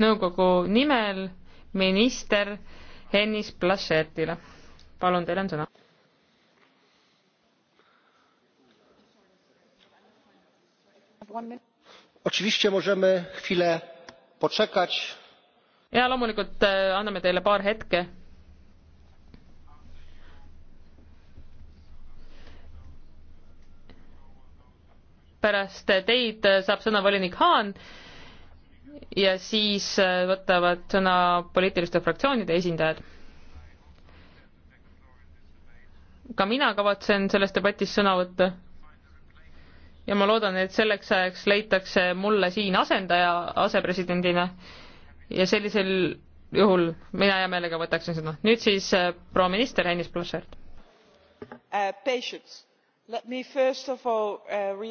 nõukogu nimel minister Hennis Plaschettile. palun, teil on sõna. oczywiście możemy chwilę poczekać. ja loomulikult eh, anname teile paar hetke. pärast teid saab sõna volinik Haan ja siis äh, võtavad sõna poliitiliste fraktsioonide esindajad. ka mina kavatsen selles debatis sõna võtta ja ma loodan, et selleks ajaks leitakse mulle siin asendaja asepresidendina ja sellisel juhul mina hea meelega võtaksin sõna. nüüd siis äh, proua minister Hennis Plassert uh,. Äh, patience Uh,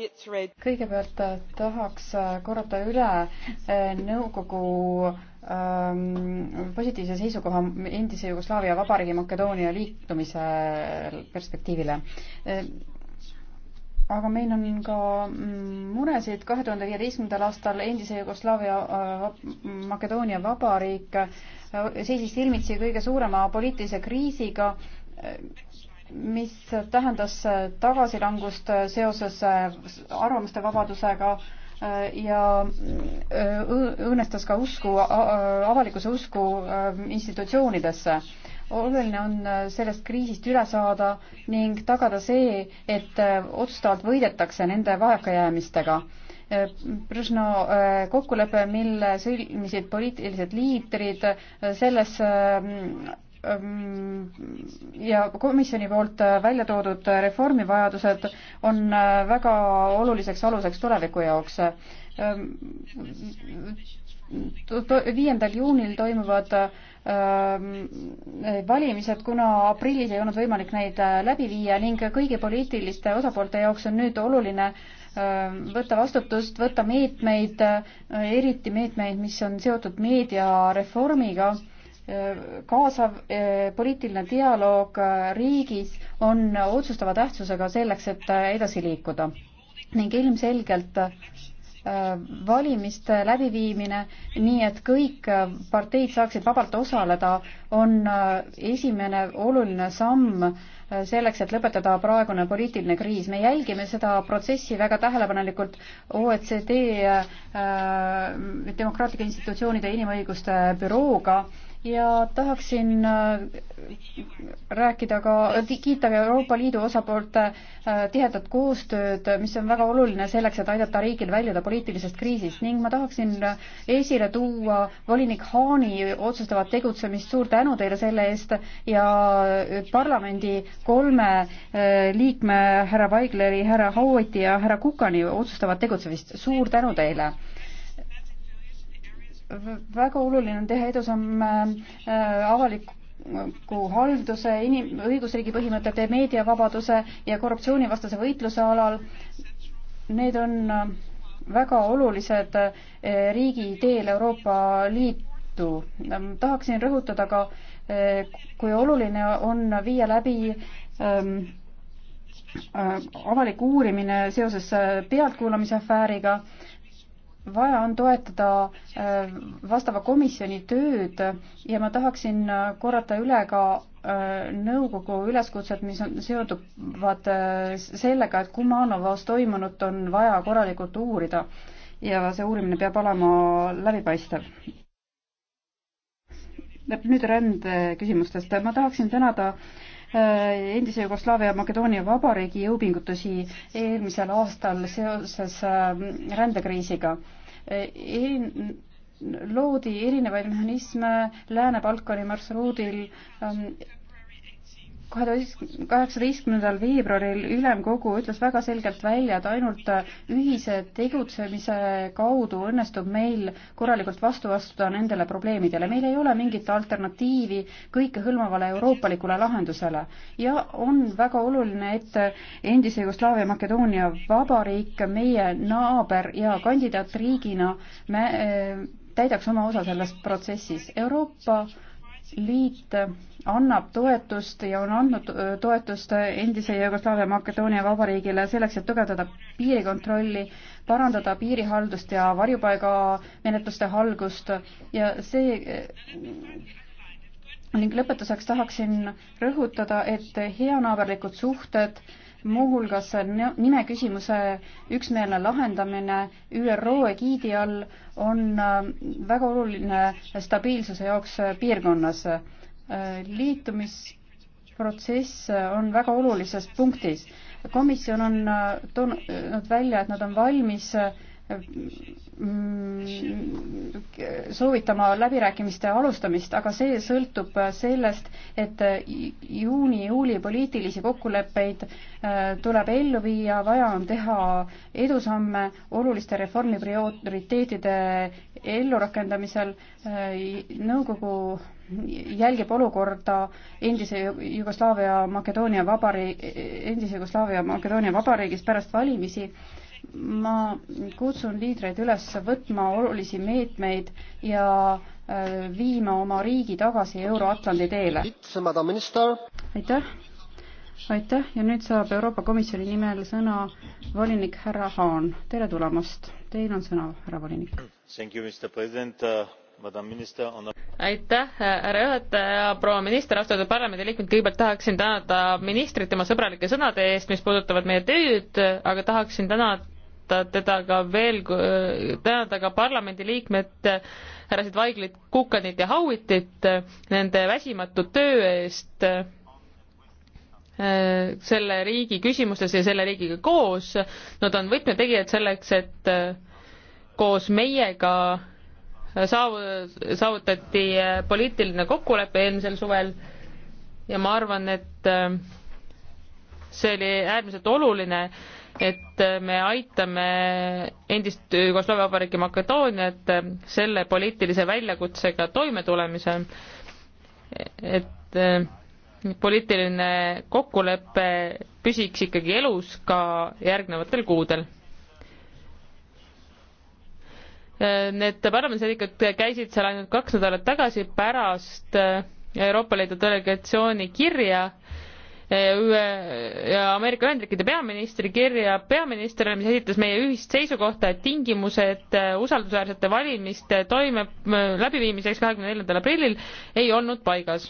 kõigepealt äh, tahaks äh, korrata üle äh, nõukogu ähm, positiivse seisukoha endise Jugoslaavia Vabariigi Makedoonia liitumise perspektiivile aga meil on ka mm, muresid. kahe tuhande viieteistkümnendal aastal endise Jugoslaavia Makedoonia Vabariik seisis silmitsi kõige suurema poliitilise kriisiga mis tähendas tagasilangust seoses arvamuste vabadusega äh, ja äh, õõnestas ka usku, avalikkuse usku äh, institutsioonidesse. oluline on sellest kriisist üle saada ning tagada see, et otsustavalt võidetakse nende vajakajäämistega Brüsno kokkulepe, mille sõlmisid poliitilised liidrid, selles Ehm, ja komisjoni poolt äh, välja toodud äh, reformivajadused on äh, väga oluliseks aluseks tuleviku jaoks. Ehm, viiendal juunil toimuvad ehm, valimised, kuna aprillis ei olnud võimalik neid läbi viia ning kõigi poliitiliste osapoolte jaoks on nüüd oluline võtta vastutust, võtta meetmeid, eriti meetmeid, mis on seotud meediareformiga kaasav eh, poliitiline dialoog eh, riigis on otsustava tähtsusega selleks, et eh, edasi liikuda ning ilmselgelt valimiste läbiviimine, nii et kõik parteid saaksid vabalt osaleda, on esimene oluline samm selleks, et lõpetada praegune poliitiline kriis. me jälgime seda protsessi väga tähelepanelikult OECD äh, demokraatlike institutsioonide inimõiguste bürooga äh, ja tahaksin äh, rääkida ka, äh, kiita ka Euroopa Liidu osapoolte äh, tihedat koostööd, mis on väga oluline selleks, et aidata riigil väljuda poliitilisest kriisist ning ma tahaksin esile tuua volinik Haani otsustavat tegutsemist, suur tänu teile selle eest ja parlamendi kolme liikme, härra Vaigleri, härra Hauiti ja härra Kukani otsustavat tegutsemist, suur tänu teile väga oluline on teha edusamme äh, avaliku halduse, inim-, õigusriigi põhimõtete, meediavabaduse ja korruptsioonivastase võitluse alal. Need on äh, väga olulised äh, riigi teel Euroopa Liitu. Ähm, tahaksin rõhutada ka, kui oluline on viia läbi ähm, avalik uurimine seoses pealtkuulamise afääriga vaja on toetada äh, vastava komisjoni tööd ja ma tahaksin korrata üle ka äh, nõukogu üleskutsed, mis on, seonduvad äh, sellega, et Kumanovas toimunut on vaja korralikult uurida ja see uurimine peab olema läbipaistev. nüüd rände küsimustest. ma tahaksin tänada äh, Äh, endise Jugoslaavia ja Makedoonia Vabariigi jõupingutusi eelmisel aastal seoses äh, rändekriisiga. Äh, loodi erinevaid mehhanisme Lääne-Balkani marsruudil ähm, kaheksateistkümnendal veebruaril ülemkogu ütles väga selgelt välja, et ainult ühise tegutsemise kaudu õnnestub meil korralikult vastu astuda nendele probleemidele. meil ei ole mingit alternatiivi kõikehõlmavale euroopalikule lahendusele ja on väga oluline, et endise Jugoslaavia Makedoonia vabariik meie naaber ja kandidaatriigina me, äh, täidaks oma osa selles protsessis. Euroopa liit annab toetust ja on andnud toetust endise Jugoslaavia Makedoonia vabariigile selleks, et tugevdada piirikontrolli, parandada piirihaldust ja varjupaigamenetluste halgust ja see ning lõpetuseks tahaksin rõhutada, et heanaaberlikud suhted äh, muuhulgas nime küsimuse üksmeelne lahendamine ÜRO egiidi all on äh, väga oluline stabiilsuse jaoks äh, piirkonnas. Äh, liitumisprotsess on väga olulises punktis. komisjon on toonud välja, et nad on valmis Mm, soovitama läbirääkimiste alustamist, aga see sõltub sellest, et juuni-juuli poliitilisi kokkuleppeid äh, tuleb ellu viia, vaja on teha edusamme oluliste reformi prioriteetide ellurakendamisel. Äh, nõukogu jälgib olukorda endise Jugoslaavia Makedoonia vabariigi, endise Jugoslaavia Makedoonia vabariigis pärast valimisi ma kutsun liidreid üles võtma olulisi meetmeid ja äh, viima oma riigi tagasi Euro-Atlandi teele. aitäh, aitäh ja nüüd saab Euroopa Komisjoni nimel sõna volinik härra Haan, tere tulemast, teil on sõna, härra volinik. Uh, aitäh, härra juhataja, proua minister, austatud parlamendiliikmed, kõigepealt tahaksin tänada ministrit tema sõbralike sõnade eest, mis puudutavad meie tööd, aga tahaksin tänada tänada teda ka veel, tänada ka parlamendiliikmed härrasid Vaiglit, Kukanit ja Howitit nende väsimatu töö eest selle riigi küsimustes ja selle riigiga koos. Nad on võtmetegijad selleks, et koos meiega saav-, saavutati poliitiline kokkulepe eelmisel suvel ja ma arvan, et see oli äärmiselt oluline et me aitame endist Jugoslaavia Vabariiki Makedooniat selle poliitilise väljakutsega toime tulemise, et eh, poliitiline kokkulepe püsiks ikkagi elus ka järgnevatel kuudel. Eh, need parlamendiliikmed käisid seal ainult kaks nädalat tagasi pärast eh, Euroopa Liidu delegatsiooni kirja äh, ja Ameerika Ühendriikide peaministri kirja peaministrile, mis esitas meie ühist seisukohta, et tingimused äh, usaldusväärsete valimiste toime läbiviimiseks kahekümne neljandal aprillil ei olnud paigas.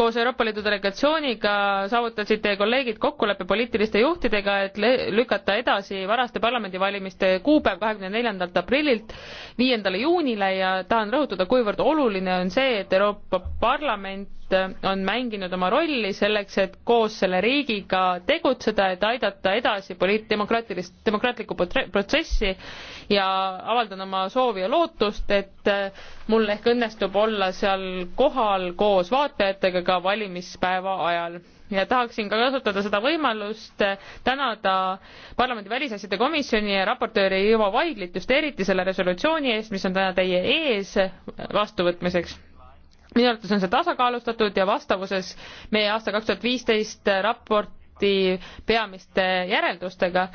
koos Euroopa Liidu delegatsiooniga saavutasid teie kolleegid kokkuleppe poliitiliste juhtidega, et lükata edasi varaste parlamendivalimiste kuupäev kahekümne neljandalt aprillilt viiendale juunile ja tahan rõhutada, kuivõrd oluline on see, et Euroopa Parlament Liit äh, on mänginud oma rolli selleks, et koos selle riigiga tegutseda, et aidata edasi poliitdemokraatilist, demokraatlikku protsessi ja avaldan oma soovi ja lootust, et äh, mul ehk õnnestub olla seal kohal koos vaatajatega ka valimispäeva ajal ja tahaksin ka kasutada seda võimalust äh, tänada parlamendi välisasjade komisjoni ja raportööri Ivo Vaiglit just eriti selle resolutsiooni eest, mis on täna teie ees vastuvõtmiseks minu arvates on see tasakaalustatud ja vastavuses meie aasta kaks tuhat viisteist raporti peamiste järeldustega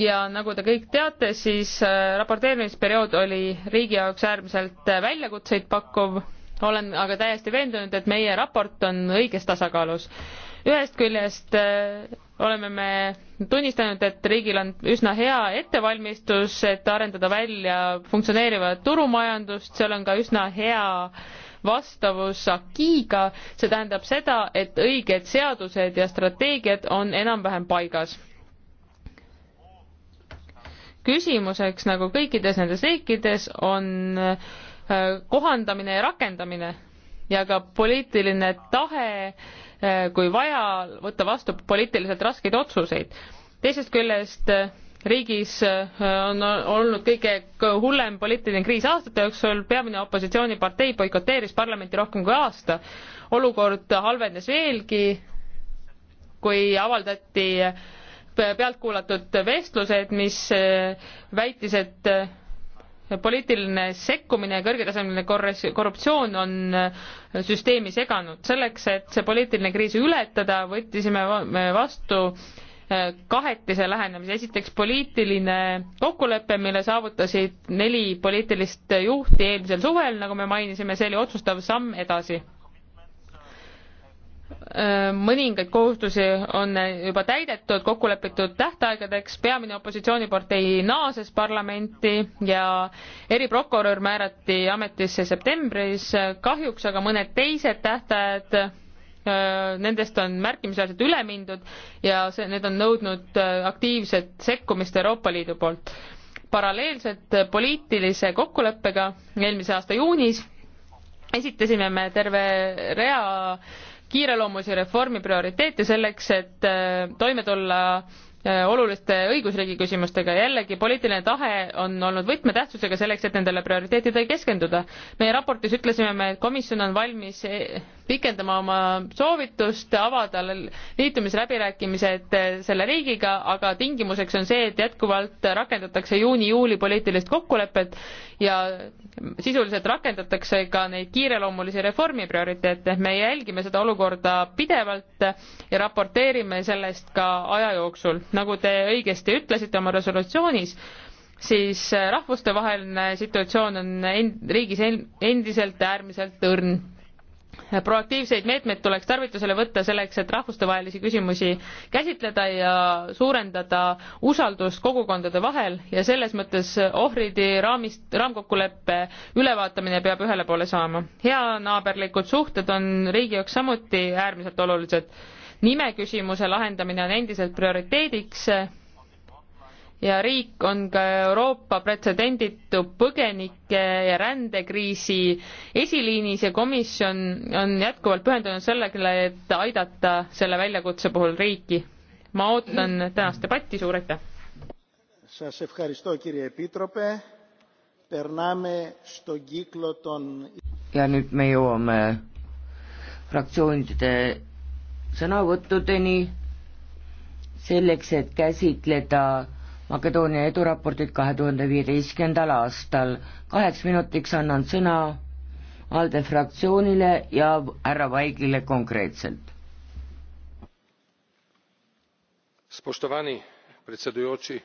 ja nagu te kõik teate, siis äh, raporteerimisperiood oli riigi jaoks äärmiselt äh, väljakutseid pakkuv, olen aga täiesti veendunud, et meie raport on õiges tasakaalus. ühest küljest äh, oleme me tunnistanud, et riigil on üsna hea ettevalmistus, et arendada välja funktsioneerivat turumajandust, seal on ka üsna hea äh, vastavus akiiga, see tähendab seda, et õiged seadused ja strateegiad on enam-vähem paigas. küsimuseks, nagu kõikides nendes riikides, on äh, kohandamine ja rakendamine ja ka poliitiline tahe, äh, kui vaja, võtta vastu poliitiliselt raskeid otsuseid. teisest küljest äh, riigis äh, on olnud kõige hullem poliitiline kriis aastate jooksul, peamine opositsioonipartei boikoteeris parlamenti rohkem kui aasta. olukord halvenes veelgi, kui avaldati pealtkuulatud vestlused, mis äh, väitis, et äh, poliitiline sekkumine ja kõrgetasemeline korruptsioon on süsteemi seganud. selleks, et see poliitiline kriis ületada, võttisime vastu kahetise lähenemise, esiteks poliitiline kokkulepe, mille saavutasid neli poliitilist juhti eelmisel suvel, nagu me mainisime, see oli otsustav samm edasi. mõningaid kohustusi on juba täidetud kokkulepitud tähtaegadeks, peamine opositsioonipartei naases parlamenti ja eriprokurör määrati ametisse septembris, kahjuks aga mõned teised tähtajad Äh, nendest on märkimisväärselt üle mindud ja see, need on nõudnud äh, aktiivset sekkumist Euroopa Liidu poolt. paralleelselt äh, poliitilise kokkuleppega eelmise aasta juunis esitasime me terve rea kiireloomulisi reformi prioriteete selleks, et toime tulla oluliste õigusriigi küsimustega. jällegi poliitiline tahe on olnud võtmetähtsusega selleks, et nendele prioriteetidele keskenduda. meie raportis ütlesime me, et komisjon on valmis e pikendama oma soovitust avada liitumisläbirääkimised eh, selle riigiga, aga tingimuseks on see, et jätkuvalt rakendatakse juuni-juuli poliitilist kokkulepet ja sisuliselt rakendatakse ka neid kiireloomulisi reformi prioriteete. me jälgime seda olukorda pidevalt ja raporteerime sellest ka aja jooksul. nagu te õigesti ütlesite oma resolutsioonis, siis rahvustevaheline situatsioon on end, riigis endiselt äärmiselt õrn proaktiivseid meetmeid tuleks tarvitusele võtta selleks, et rahvustevahelisi küsimusi käsitleda ja suurendada usaldust kogukondade vahel ja selles mõttes ohvridi raamist, raamkokkuleppe ülevaatamine peab ühele poole saama. heanaaberlikud suhted on riigi jaoks samuti äärmiselt olulised. nime küsimuse lahendamine on endiselt prioriteediks ja riik on ka Euroopa pretsedenditu põgenike ja rändekriisi esiliinis ja komisjon on jätkuvalt pühendunud sellele, et aidata selle väljakutse puhul riiki. ma ootan tänast debatti, suur aitäh! ja nüüd me jõuame fraktsioonide sõnavõttudeni selleks, et käsitleda Makedoonia eduraportit kahe tuhande viieteistkümnendal aastal. kaheks minutiks annan sõna ALDE fraktsioonile ja härra Vaigile konkreetselt. spoštovani predsedujoči,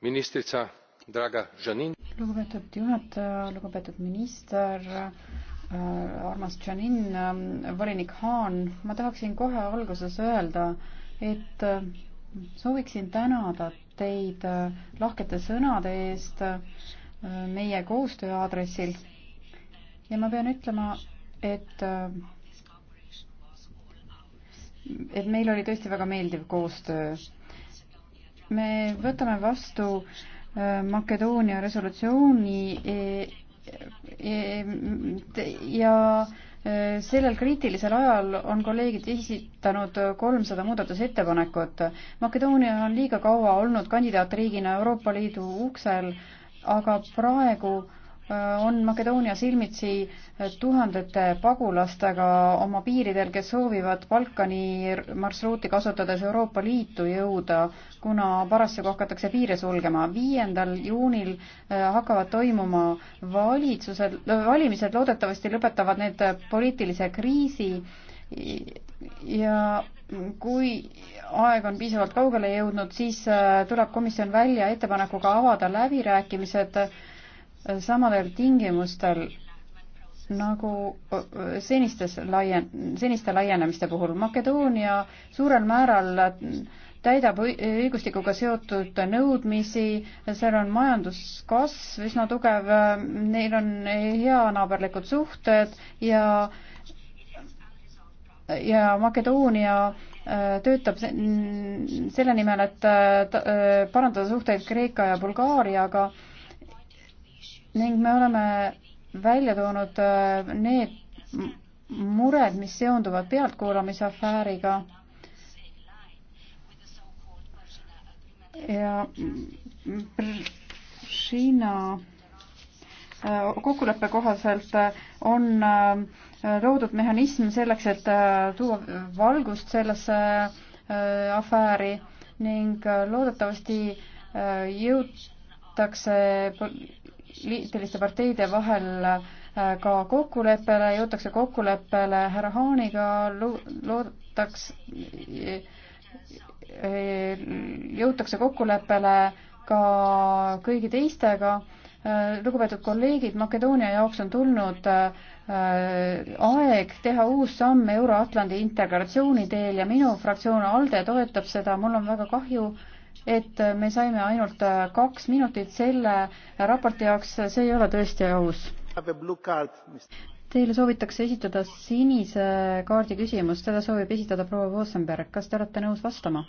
ministrica Draga Žanin. lugupeetud juhataja, lugupeetud minister äh,, armas Žanin äh,, volinik Haan, ma tahaksin kohe alguses öelda, et äh, sooviksin tänada teid äh, lahkete sõnade eest äh, meie koostöö aadressil. ja ma pean ütlema, et äh, et meil oli tõesti väga meeldiv koostöö. me võtame vastu Makedoonia resolutsiooni e, e, e, ja sellel kriitilisel ajal on kolleegid esitanud kolmsada muudatusettepanekut. Makedoonia on liiga kaua olnud kandidaatriigina Euroopa Liidu uksel, aga praegu äh, Äh, on Makedoonia silmitsi äh, tuhandete pagulastega oma piiridel, kes soovivad Balkani marsruuti kasutades Euroopa Liitu jõuda, kuna parasjagu hakatakse piire sulgema. viiendal juunil äh, hakkavad toimuma valitsused, valimised loodetavasti lõpetavad need poliitilise kriisi ja kui aeg on piisavalt kaugele jõudnud, siis tuleb komisjon välja ettepanekuga avada läbirääkimised äh, samadel tingimustel nagu senistes laien-, seniste laienemiste puhul. Makedoonia suurel määral täidab õigustikuga seotud nõudmisi, seal on majanduskasv üsna tugev, neil on heanaaberlikud suhted ja ja Makedoonia töötab selle nimel, et parandada suhteid Kreeka ja Bulgaariaga ning me oleme välja toonud äh, need mured, mis seonduvad pealtkuulamise afääriga ja Hiina äh, kokkuleppe kohaselt äh, on loodud mehhanism selleks, et tuua valgust sellesse afääri ning loodetavasti jõutakse poliitiliste parteide vahel äh, ka kokkuleppele, jõutakse kokkuleppele härra Haaniga, loodaks, jõutakse kokkuleppele ka kõigi teistega. Äh, lugupeetud kolleegid, Makedoonia jaoks on tulnud äh, aeg teha uus samm Euro-Atlandi integratsiooni teel ja minu fraktsioon ALDE toetab seda, mul on väga kahju, et me saime ainult äh, kaks minutit selle raporti jaoks, see ei ole tõesti aus. Teile soovitakse esitada sinise kaardi küsimus, seda soovib esitada proua Vosenberg, kas te olete nõus vastama?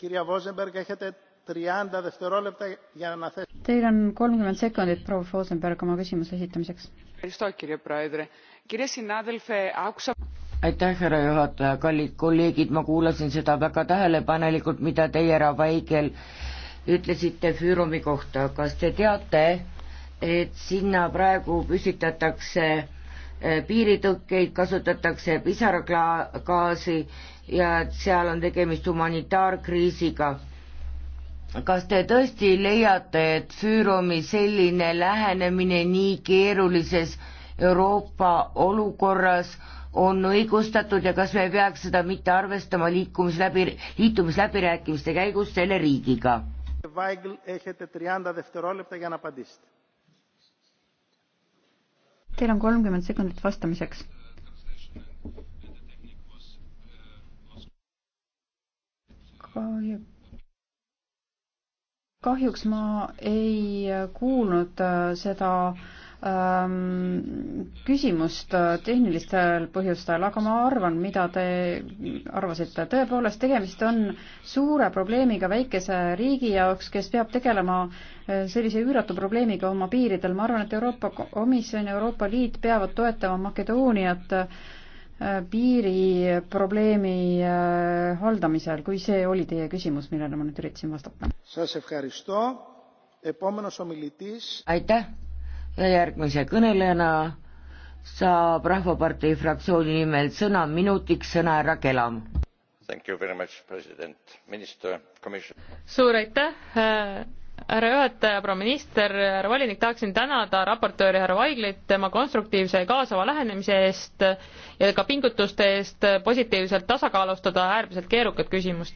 Teil on kolmkümmend sekundit, proua Vosenberg, oma küsimuse esitamiseks aitäh, härra juhataja, kallid kolleegid, ma kuulasin seda väga tähelepanelikult, mida teie, härra Vaigel, ütlesite Füürumi kohta, kas te teate, et sinna praegu püstitatakse eh, piiritõkkeid, kasutatakse pisaragaasi ja et seal on tegemist humanitaarkriisiga. kas te tõesti leiate, et Füürumi selline lähenemine nii keerulises Euroopa olukorras on õigustatud ja kas me ei peaks seda mitte arvestama liikumisläbi, liitumisläbirääkimiste käigus selle riigiga? Teil on kolmkümmend sekundit vastamiseks. kahjuks ma ei kuulnud äh, seda küsimust äh, tehnilistel põhjustel, aga ma arvan, mida te arvasite. tõepoolest, tegemist on suure probleemiga väikese riigi jaoks, kes peab tegelema äh, sellise üüratu probleemiga oma piiridel. ma arvan, et Euroopa Komisjon ja Euroopa Liit peavad toetama Makedooniat äh, piiriprobleemi haldamisel, kui see oli teie küsimus, millele ma nüüd üritasin vastata. aitäh järgmise kõnelejana saab Rahvapartei fraktsiooni nimel sõna minutiks sõna härra Kelam. suur aitäh, äh, härra juhataja, proua minister, härra volinik, tahaksin tänada raportööri härra Vaiglit tema konstruktiivse ja kaasava lähenemise eest ja ka pingutuste eest positiivselt tasakaalustada äärmiselt keerukat küsimust.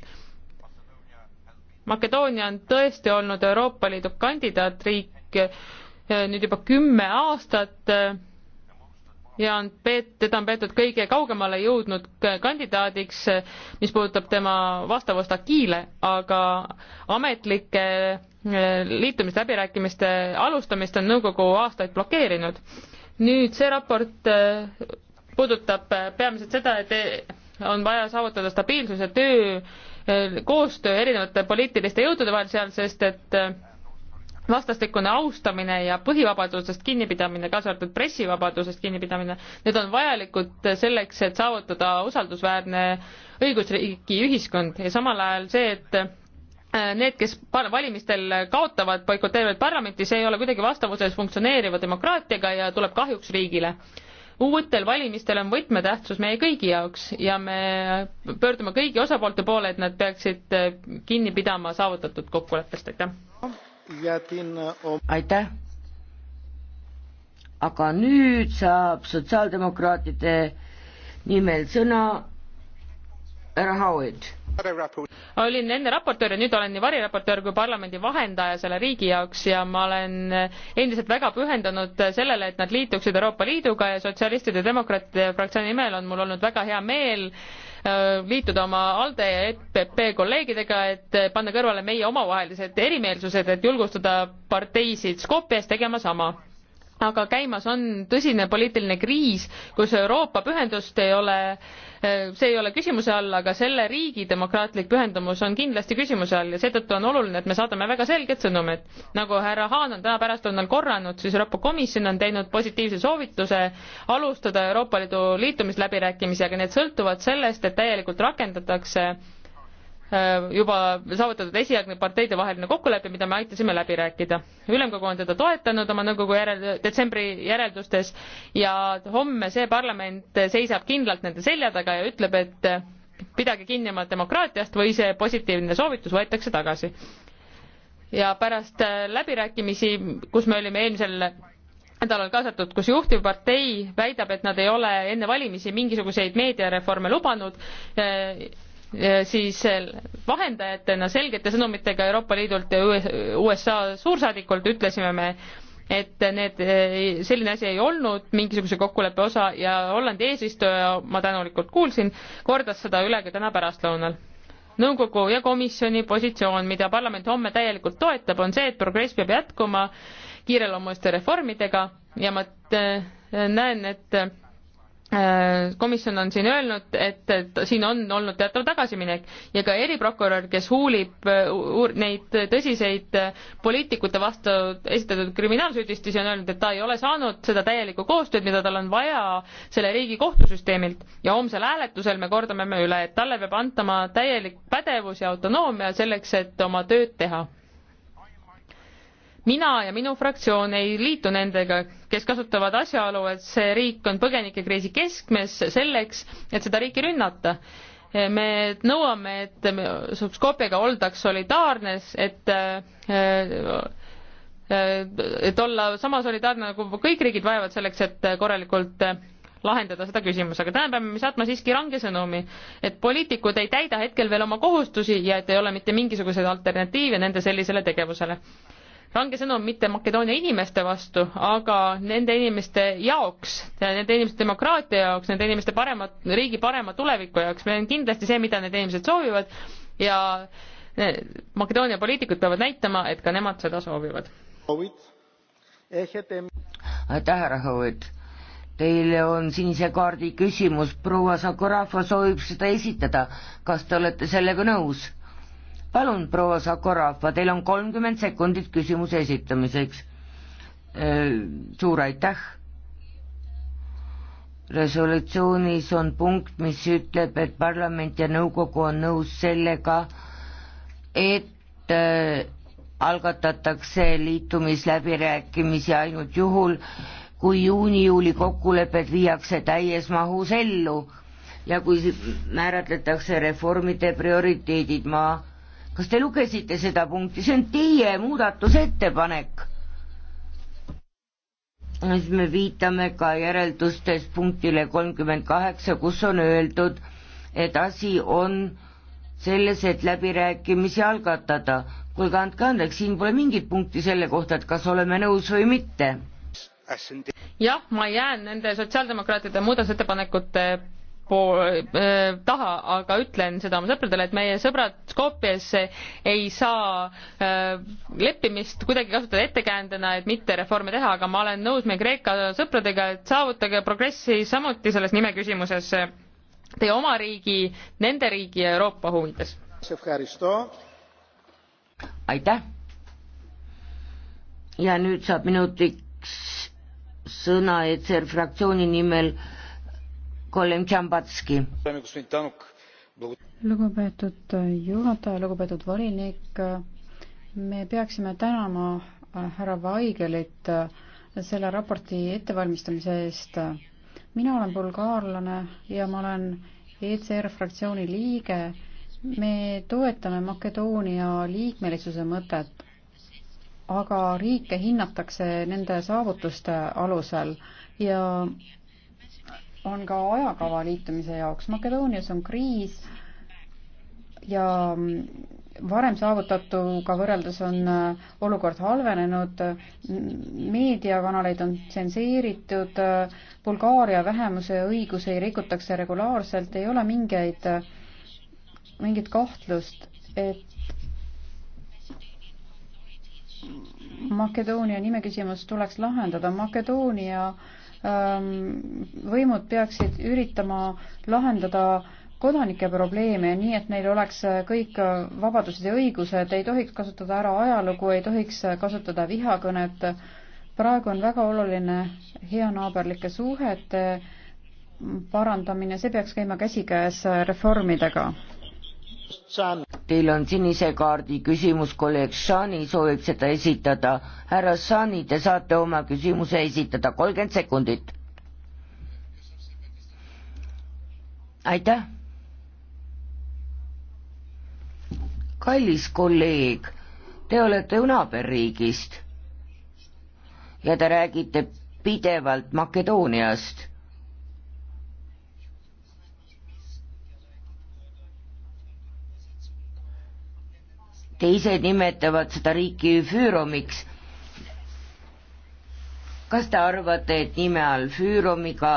Makedoonia on tõesti olnud Euroopa Liidu kandidaatriik Eh, nüüd juba kümme aastat eh, ja on peet-, teda on peetud kõige kaugemale jõudnud kandidaadiks, eh, mis puudutab tema vastavust Akiile, aga ametlike liitumisläbirääkimiste alustamist on nõukogu aastaid blokeerinud. nüüd see raport puudutab peamiselt seda, et on vaja saavutada stabiilsuse töö, koostöö erinevate poliitiliste jõudude vahel seal, sest et vastastikune austamine ja põhivabadusest kinnipidamine, kaasa arvatud pressivabadusest kinnipidamine, need on vajalikud selleks, et saavutada usaldusväärne õigusriigi ühiskond ja samal ajal see, et äh, need, kes valimistel kaotavad, boikoteerivad parlamenti, see ei ole kuidagi vastavuses funktsioneeriva demokraatiaga ja tuleb kahjuks riigile. uutel valimistel on võtmetähtsus meie kõigi jaoks ja me pöördume kõigi osapoolte poole, et nad peaksid äh, kinni pidama saavutatud kokkuleppest, aitäh! aitäh. aga nüüd saab sotsiaaldemokraatide nimel sõna härra Howard. olin enne raportöör ja nüüd olen nii variraportöör kui parlamendi vahendaja selle riigi jaoks ja ma olen endiselt väga pühendunud sellele, et nad liituksid Euroopa Liiduga ja sotsialistide ja demokraatide fraktsiooni nimel on mul olnud väga hea meel äh, Äh, liituda oma ALDE ja EPP kolleegidega, et panna kõrvale meie omavahelised erimeelsused, et julgustada parteisid Skopjas tegema sama aga käimas on tõsine poliitiline kriis, kus Euroopa pühendust ei ole äh, Äh, see ei ole küsimuse all, aga selle riigi demokraatlik pühendumus on kindlasti küsimuse all ja seetõttu on oluline, et me saadame väga selged sõnumid. nagu härra Haan on täna pärastlõunal korranud, siis Euroopa Komisjon on teinud positiivse soovituse alustada Euroopa Liidu liitumisläbirääkimisi, aga need sõltuvad sellest, et täielikult rakendatakse Äh, juba saavutatud esialgne parteidevaheline kokkulepe, mida me aitasime läbi rääkida. ülemkogu on teda toetanud oma nõukogu järel, detsembri järeldustes ja homme see parlament seisab kindlalt nende selja taga ja ütleb, et pidage kinni oma demokraatiast või see positiivne soovitus võetakse tagasi. ja pärast äh, läbirääkimisi, kus me olime eelmisel nädalal kaasatud, kus juhtiv partei väidab, et nad ei ole enne valimisi mingisuguseid meediareforme lubanud, äh, Äh, siis äh, vahendajatena selgete sõnumitega Euroopa Liidult ja USA suursaadikult ütlesime me, et need, äh, selline asi ei olnud mingisuguse kokkuleppe osa ja Hollandi eesistuja, ma tänulikult kuulsin, kordas seda üle ka täna pärastlõunal. nõukogu ja komisjoni positsioon, mida parlament homme täielikult toetab, on see, et progress peab jätkuma kiireloomuliste reformidega ja ma näen, et Äh, komisjon on siin öelnud, et, et siin on olnud teatav tagasiminek ja ka eriprokurör, kes huulib äh, uur, neid tõsiseid äh, poliitikute vastu esitatud kriminaalsüüdistusi, on öelnud, et ta ei ole saanud seda täielikku koostööd, mida tal on vaja selle riigi kohtusüsteemilt ja homsel hääletusel me kordame me üle, et talle peab antama täielik pädevus ja autonoomia selleks, et oma tööd teha mina ja minu fraktsioon ei liitu nendega, kes kasutavad asjaolu, et see riik on põgenikekriisi keskmes selleks, et seda riiki rünnata. me nõuame, et Skopjaga oldaks solidaarne, et äh, et olla sama solidaarne, nagu kõik riigid vajavad selleks, et korralikult lahendada seda küsimust, aga täna peame me saatma siiski range sõnumi, et poliitikud ei täida hetkel veel oma kohustusi ja et ei ole mitte mingisuguseid alternatiive nende sellisele tegevusele range sõnum mitte Makedoonia inimeste vastu, aga nende inimeste jaoks, nende inimeste demokraatia jaoks, nende inimeste parema, riigi parema tuleviku jaoks, meil on kindlasti see, mida need inimesed soovivad ja Makedoonia poliitikud peavad näitama, et ka nemad seda soovivad. aitäh, härra Howard. Teile on sinise kaardi küsimus, proua Sakorafa soovib seda esitada. kas te olete sellega nõus? palun, proua Sakorafa, teil on kolmkümmend sekundit küsimuse esitamiseks. Äh, suur aitäh. resolutsioonis on punkt, mis ütleb, et parlament ja nõukogu on nõus sellega, et äh, algatatakse liitumisläbirääkimisi ainult juhul, kui juuni-juuli kokkulepped viiakse täies mahus ellu ja kui määratletakse reformide prioriteedid, ma kas te lugesite seda punkti, see on teie muudatusettepanek. siis me viitame ka järeldustes punktile kolmkümmend kaheksa, kus on öeldud, et asi on selles, et läbirääkimisi algatada. kuulge, andke andeks, siin pole mingit punkti selle kohta, et kas oleme nõus või mitte jah, ma jään nende sotsiaaldemokraatide muudatusettepanekute pool, äh, taha, aga ütlen seda oma sõpradele, et meie sõbrad Skopjes ei saa äh, leppimist kuidagi kasutada ettekäändena, et mitte reforme teha, aga ma olen nõus meie Kreeka sõpradega, et saavutage progressi samuti selles nime küsimuses teie oma riigi, nende riigi ja Euroopa huvides. aitäh. ja nüüd saab minutiks sõna ETSR fraktsiooni nimel kolleeg Tšambatski. lugupeetud juhataja, lugupeetud volinik, me peaksime tänama härra Vaigelit selle raporti ettevalmistamise eest. mina olen bulgaarlane ja ma olen ECR fraktsiooni liige. me toetame Makedoonia liikmelisuse mõtet, aga riike hinnatakse nende saavutuste alusel ja on ka ajakava liitumise jaoks. Makedoonias on kriis ja varem saavutatuga võrreldes on äh, olukord halvenenud, meediakanaleid on tsenseeritud, äh, Bulgaaria vähemuse õigusi rikutakse regulaarselt, ei ole mingeid, äh, mingit kahtlust, et Makedoonia nime küsimus tuleks lahendada. Makedoonia äh, Ähm, võimud peaksid üritama lahendada kodanike probleeme, nii et neil oleks äh, kõik äh, vabadused ja õigused, ei tohiks kasutada ära ajalugu, ei tohiks äh, kasutada vihakõnet. praegu on väga oluline heanaaberlike suhete parandamine, see peaks käima käsikäes reformidega. Teil on sinise kaardi küsimus, kolleeg Shani soovib seda esitada. härra Shani, te saate oma küsimuse esitada, kolmkümmend sekundit. aitäh. kallis kolleeg, te olete naaberriigist ja te räägite pidevalt Makedooniast teised nimetavad seda riiki Füüromiks. kas te arvate, et nime all Füüromiga,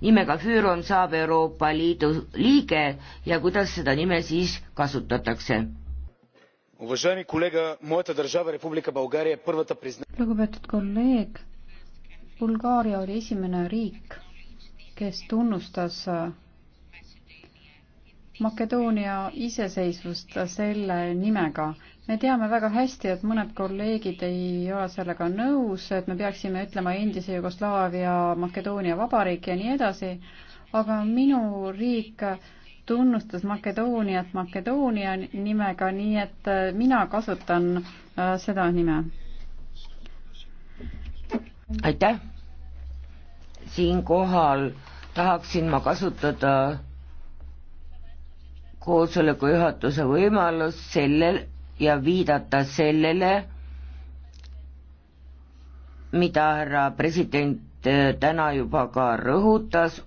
nimega Füürom saab Euroopa Liidu liige ja kuidas seda nime siis kasutatakse? lugupeetud kolleeg, Bulgaaria oli esimene riik, kes tunnustas Makedoonia iseseisvust selle nimega. me teame väga hästi, et mõned kolleegid ei ole sellega nõus, et me peaksime ütlema endise Jugoslaavia Makedoonia vabariik ja nii edasi, aga minu riik tunnustas Makedooniat Makedoonia nimega, nii et mina kasutan äh, seda nime. aitäh! siinkohal tahaksin ma kasutada koosoleku juhatuse võimalus sellel ja viidata sellele, mida härra president äh, täna juba ka rõhutas,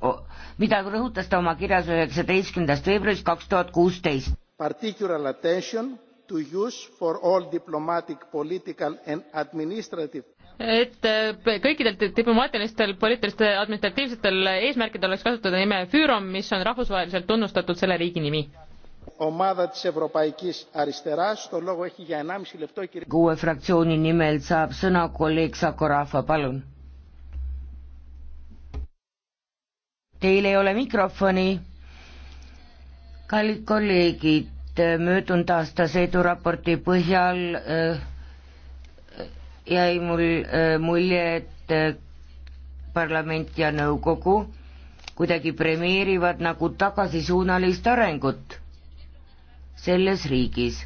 mida rõhutas ta oma kirjas üheksateistkümnendast veebruarist kaks tuhat kuusteist. Particular attention to use for all diplomatic, political and administrative et äh, kõikidel diplomaatilistel, poliitilistel, administratiivsetel eesmärkidel oleks kasutada nime Fürom, mis on rahvusvaheliselt tunnustatud selle riigi nimi. kuue fraktsiooni nimel saab sõna kolleeg Sakorafa, palun. Teil ei ole mikrofoni. kallid kolleegid, möödunud aasta seiduraporti põhjal öö, äh, jäi mul äh, mulje, et äh, parlament ja nõukogu kuidagi premeerivad nagu tagasisuunalist arengut selles riigis.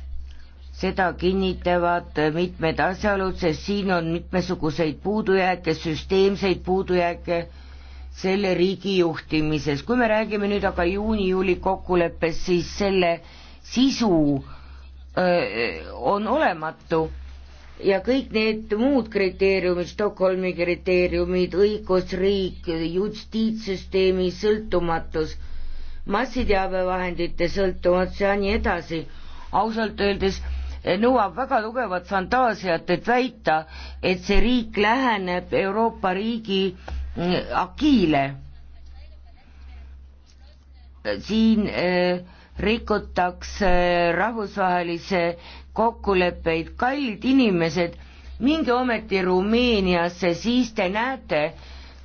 seda kinnitavad äh, mitmed asjaolud, sest siin on mitmesuguseid puudujääke, süsteemseid puudujääke selle riigi juhtimises. kui me räägime nüüd aga juuni-juuli kokkuleppest, siis selle sisu öö, on olematu ja kõik need muud kriteeriumid, Stockholmi kriteeriumid, õigusriik, justiitssüsteemi sõltumatus, massiteabevahendite sõltumatus ja nii edasi, ausalt öeldes nõuab väga tugevat fantaasiat, et väita, et see riik läheneb Euroopa riigi mm, akiile. siin äh, rikutakse rahvusvahelise kokkuleppeid, kallid inimesed, minge ometi Rumeeniasse, siis te näete,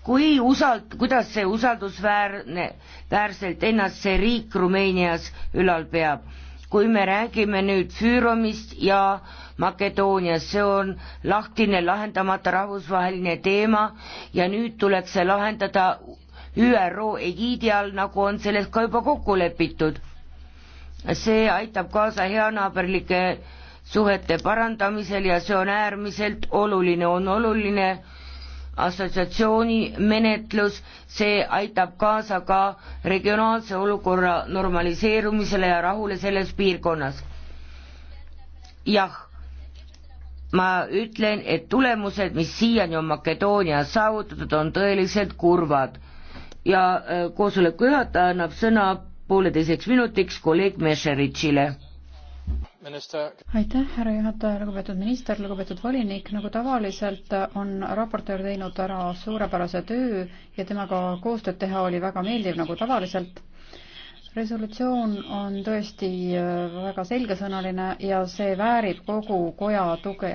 kui usalt-, kuidas see usaldusväärne, väärselt ennast see riik Rumeenias ülal peab. kui me räägime nüüd Füüromist ja Makedooniast, see on lahtine, lahendamata rahvusvaheline teema ja nüüd tuleks see lahendada ÜRO egiidi all, nagu on selles ka juba kokku lepitud see aitab kaasa heanaaberlike suhete parandamisel ja see on äärmiselt oluline, on oluline assotsiatsiooni menetlus, see aitab kaasa ka regionaalse olukorra normaliseerumisele ja rahule selles piirkonnas. jah, ma ütlen, et tulemused, mis siiani on Makedoonias saavutatud, on tõeliselt kurvad ja äh, koosoleku juhataja annab sõna pooleteiseks minutiks kolleeg Mešeritšile. aitäh, härra juhataja, lugupeetud minister, lugupeetud volinik, nagu tavaliselt on raportöör teinud ära suurepärase töö ja temaga koostööd teha oli väga meeldiv, nagu tavaliselt resolutsioon on tõesti äh, väga selgesõnaline ja see väärib kogu koja tuge.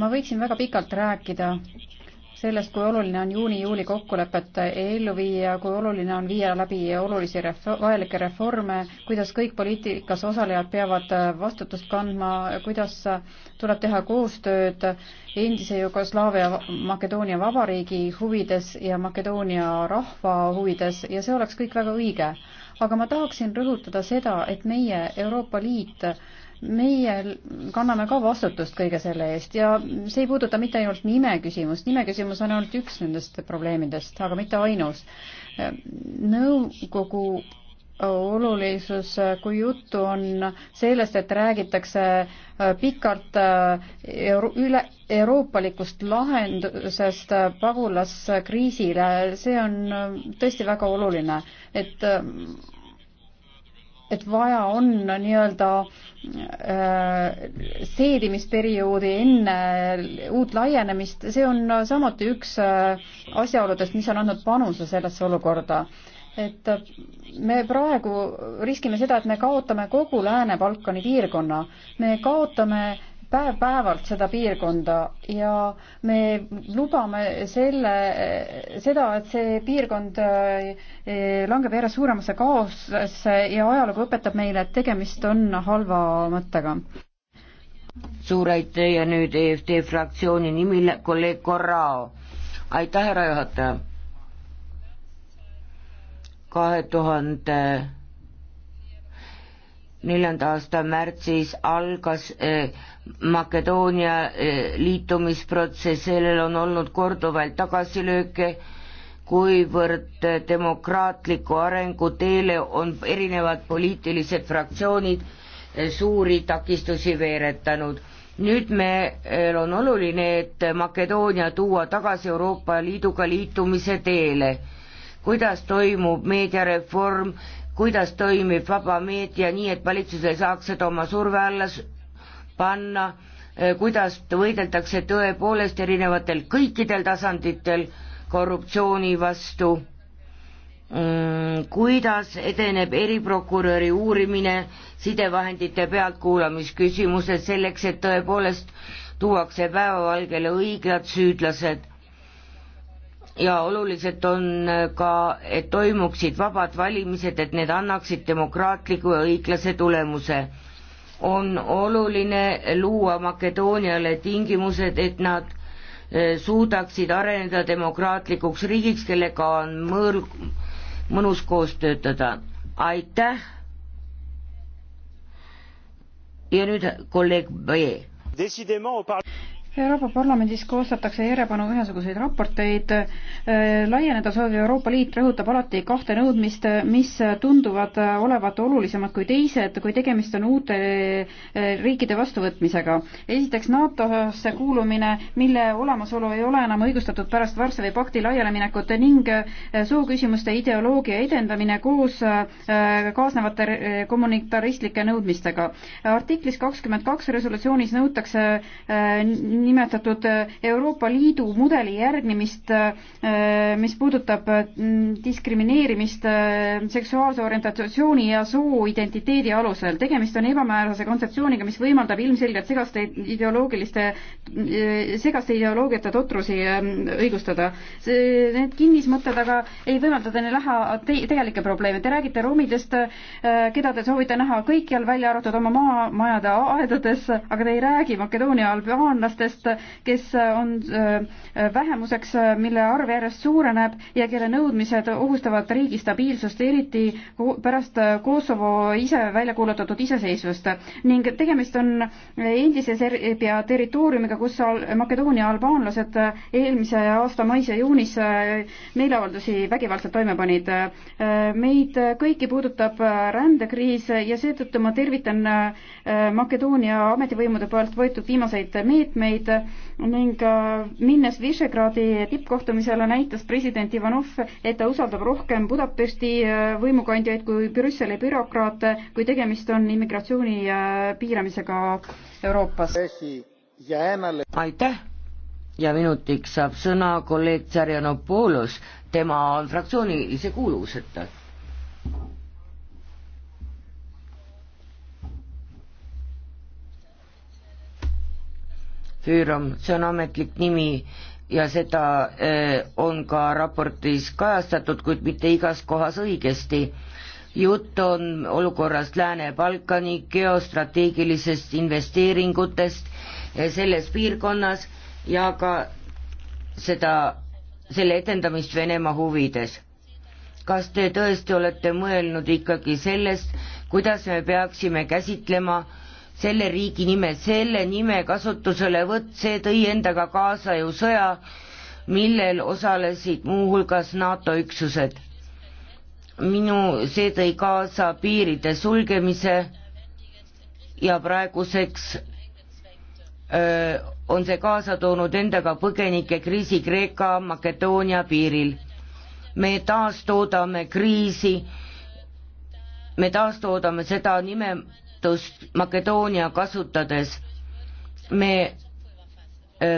ma võiksin väga pikalt rääkida sellest, kui oluline on juuni-juuli kokkulepet ellu viia, kui oluline on viia läbi olulisi refo-, vajalikke reforme, kuidas kõik poliitikas osalejad peavad vastutust kandma, kuidas tuleb teha koostööd endise Jugoslaavia Makedoonia Vabariigi huvides ja Makedoonia rahva huvides ja see oleks kõik väga õige. aga ma tahaksin rõhutada seda, et meie, Euroopa Liit, meie kanname ka vastutust kõige selle eest ja see ei puuduta mitte ainult nime küsimust, nime küsimus on ainult üks nendest probleemidest, aga mitte ainus. nõukogu olulisus, kui juttu on sellest, et räägitakse äh, pikalt äh, euro-, üle, euroopalikust lahendusest äh, pagulaskriisile, see on tõesti väga oluline, et et vaja on nii-öelda äh, seedimisperioodi enne uut laienemist, see on samuti üks äh, asjaoludest, mis on andnud panuse sellesse olukorda. et äh, me praegu riskime seda, et me kaotame kogu Lääne-Balkani piirkonna, me kaotame päev-päevalt seda piirkonda ja me lubame selle, seda, et see piirkond eh, langeb järjest suuremasse kaosesse ja ajalugu õpetab meile, et tegemist on halva mõttega. suur aitäh ja nüüd EFD fraktsiooni nimel kolleeg Korrao. aitäh, härra juhataja. kahe tuhande 2000 neljanda aasta märtsis algas eh, Makedoonia eh, liitumisprotsess, sellel on olnud korduvalt tagasilööke, kuivõrd eh, demokraatliku arengu teele on erinevad poliitilised fraktsioonid suuri takistusi veeretanud. nüüd meil on oluline, et Makedoonia tuua tagasi Euroopa Liiduga liitumise teele kuidas toimub meediareform, kuidas toimib vaba meedia, nii et valitsus ei saaks seda oma surve alla panna, eh, kuidas võideldakse tõepoolest erinevatel kõikidel tasanditel korruptsiooni vastu, mm, kuidas edeneb eriprokuröri uurimine sidevahendite pealtkuulamisküsimuses selleks, et tõepoolest tuuakse päevavalgele õiged süüdlased ja olulised on äh, ka, et toimuksid vabad valimised, et need annaksid demokraatliku ja õiglase tulemuse. on oluline luua Makedooniale tingimused, et nad äh, suudaksid areneda demokraatlikuks riigiks, kellega on mõõl-, mõnus koos töötada. aitäh! ja nüüd kolleeg B. Euroopa Parlamendis koostatakse järjepanu ühesuguseid raporteid. Äh, laieneda soovib Euroopa Liit rõhutab alati kahte nõudmist, mis tunduvad olevat olulisemad kui teised, kui tegemist on uute äh, riikide vastuvõtmisega. esiteks NATO-sse kuulumine, mille olemasolu ei ole enam õigustatud pärast Varssavi pakti laialeminekut ning äh, sooküsimuste ideoloogia edendamine koos kaasnevate kommunitaristlike nõudmistega. artiklis kakskümmend kaks resolutsioonis nõutakse niinimetatud äh, Euroopa Liidu mudeli järgnemist, äh, mis puudutab äh, diskrimineerimist seksuaalse orientatsiooni ja sooidentiteedi alusel. tegemist on ebamäärase kontseptsiooniga, mis võimaldab ilmselgelt segaste ideoloogiliste, segaste ideoloogiate totrusi ähm, õigustada. Need kinnismõtted aga ei võimalda teile näha te tegelikke probleeme. Te räägite romidest, keda te soovite näha kõikjal, välja arvatud oma maamajade aedades, aga te ei räägi Makedoonia albaanlastest, nendest, kes on äh, vähemuseks, mille arv järjest suureneb ja kelle nõudmised ohustavad riigi stabiilsust, eriti pärast Kosovo ise välja kuulutatud iseseisvust. ning tegemist on endise Serbia territooriumiga, kus Makedoonia albaanlased eelmise aasta mais ja juunis äh, meeleavaldusi vägivaldselt toime panid. Äh, meid kõiki puudutab rändekriis ja seetõttu ma tervitan Makedoonia ametivõimude poolt võetud viimaseid meetmeid, teid ning äh, minnes Visegradi tippkohtumisele näitas president Ivanov, et ta usaldab rohkem Budapesti äh, võimukandjaid kui Brüsseli bürokraate, kui tegemist on immigratsiooni äh, piiramisega Euroopas. aitäh ja minutiks saab sõna kolleeg Tsarjanopoulos, tema on fraktsioonilise kuuluvuseta Füürom, see on ametlik nimi ja seda äh, on ka raportis kajastatud, kuid mitte igas kohas õigesti. jutt on olukorrast Lääne-Balkani geostrateegilisest investeeringutest äh, selles piirkonnas ja ka seda, selle edendamist Venemaa huvides. kas te tõesti olete mõelnud ikkagi sellest, kuidas me peaksime käsitlema äh, selle riigi nime, selle nime kasutuselevõtt, see tõi endaga kaasa ju sõja, millel osalesid muuhulgas NATO üksused. minu, see tõi kaasa piiride sulgemise ja praeguseks öö, on see kaasa toonud endaga põgenikekriisi Kreeka, Makedoonia piiril. me taastoodame kriisi, me taastoodame seda nime toetust Makedoonia kasutades me äh,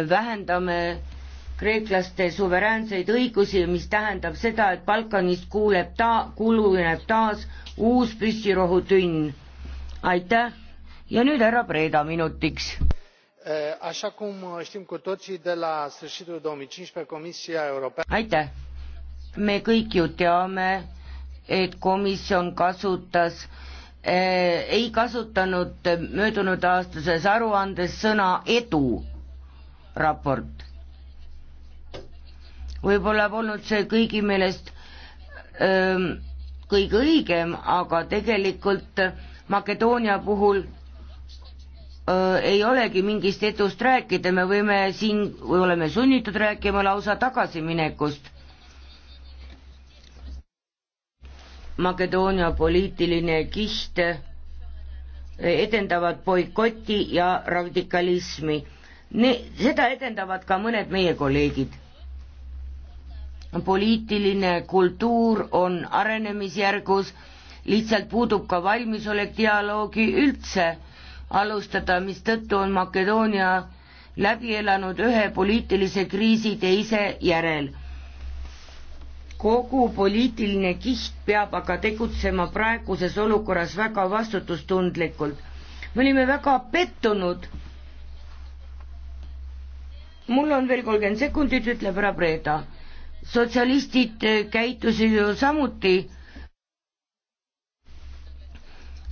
vähendame kreeklaste suveräänseid õigusi, mis tähendab seda, et Balkanist kuuleb ta-, kuluneb taas uus püssirohutünn. aitäh ja nüüd härra Preeda minutiks. Äh, äh, aitäh, me kõik ju teame, et komisjon kasutas Eh, ei kasutanud möödunud aastases aruandes sõna edu raport. võib-olla polnud see kõigi meelest öö, ähm, kõige õigem, aga tegelikult Makedoonia puhul öö, äh, ei olegi mingist edust rääkida, me võime siin, või oleme sunnitud rääkima lausa tagasiminekust Makedoonia poliitiline kiht eh, edendavad boikoti ja radikalismi. seda edendavad ka mõned meie kolleegid. poliitiline kultuur on arenemisjärgus, lihtsalt puudub ka valmisolek dialoogi üldse alustada, mistõttu on Makedoonia läbi elanud ühe poliitilise kriisi teise järel kogu poliitiline kiht peab aga tegutsema praeguses olukorras väga vastutustundlikult. me olime väga pettunud. mul on veel kolmkümmend sekundit, ütleb härra Breda. sotsialistid äh, käitusid ju samuti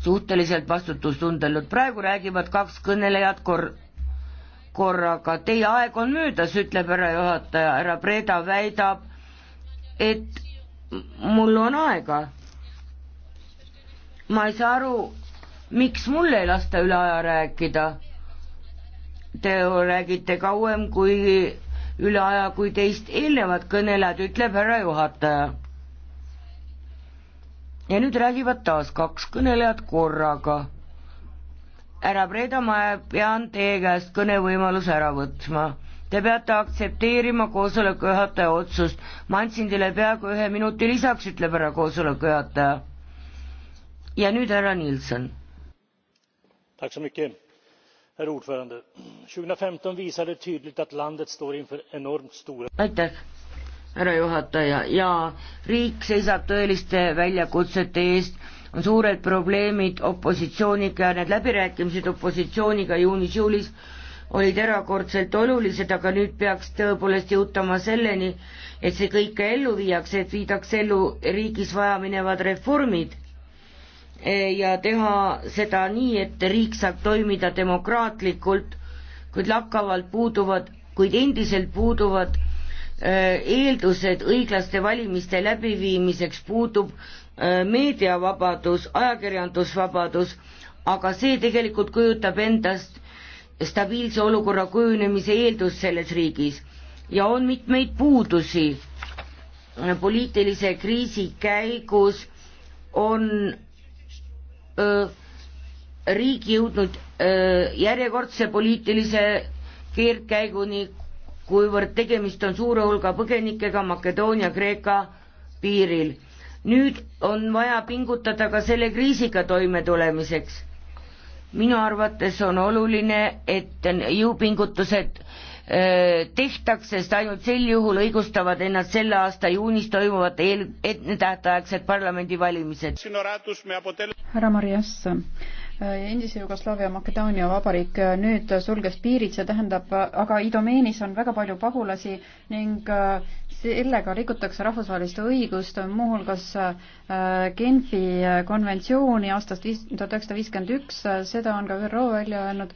suhteliselt vastutustundeliselt, praegu räägivad kaks kõnelejat kor-, korraga, teie aeg on möödas, ütleb härra juhataja, härra Breda väidab, et mul on aega. ma ei saa aru, miks mul ei lasta üle aja rääkida. Te räägite kauem kui üle aja, kui teist eelnevad kõnelejad, ütleb härra juhataja. ja nüüd räägivad taas kaks kõnelejat korraga. härra Breda, ma pean teie käest kõnevõimaluse ära võtma Te peate aktsepteerima koosoleku juhataja otsust. ma andsin teile peaaegu ühe minuti lisaks, ütleb härra koosoleku juhataja. ja nüüd härra Nilsson. Herr ordförande, 2015 visade tydligt att landet står inför enormt stora... Aitäh, härra juhataja. Ja riik seisab tõeliste väljakutsete eest on suured probleemid opositsiooniga ja need läbirääkimised opositsiooniga juunis-juulis olid erakordselt olulised, aga nüüd peaks tõepoolest jõutama selleni, et see kõik ka ellu viiakse, et viidaks ellu riigis vajaminevad reformid ja teha seda nii, et riik saab toimida demokraatlikult, kuid lakkavalt puuduvad, kuid endiselt puuduvad äh, eeldused õiglaste valimiste läbiviimiseks, puudub äh, meediavabadus, ajakirjandusvabadus, aga see tegelikult kujutab endast stabiilse olukorra kujunemise eeldus selles riigis ja on mitmeid puudusi. poliitilise kriisi käigus on öö, riik jõudnud öö, järjekordse poliitilise keerdkäiguni, kuivõrd tegemist on suure hulga põgenikega Makedoonia-Kreeka piiril. nüüd on vaja pingutada ka selle kriisiga toimetulemiseks minu arvates on oluline, et jõupingutused äh, tehtaks, sest ainult sel juhul õigustavad ennast selle aasta juunis toimuvad eel, ennetähtaegsed parlamendivalimised. härra Marias, äh, endise Jugoslaavia Makedoonia vabariik äh, nüüd sulges piirid, see tähendab, aga Idomeenis on väga palju pagulasi ning sellega rikutakse rahvusvahelist õigust, muuhulgas äh, Genfi äh, konventsiooni aastast viis, tuhat üheksasada viiskümmend üks, äh, seda on ka ÜRO välja öelnud.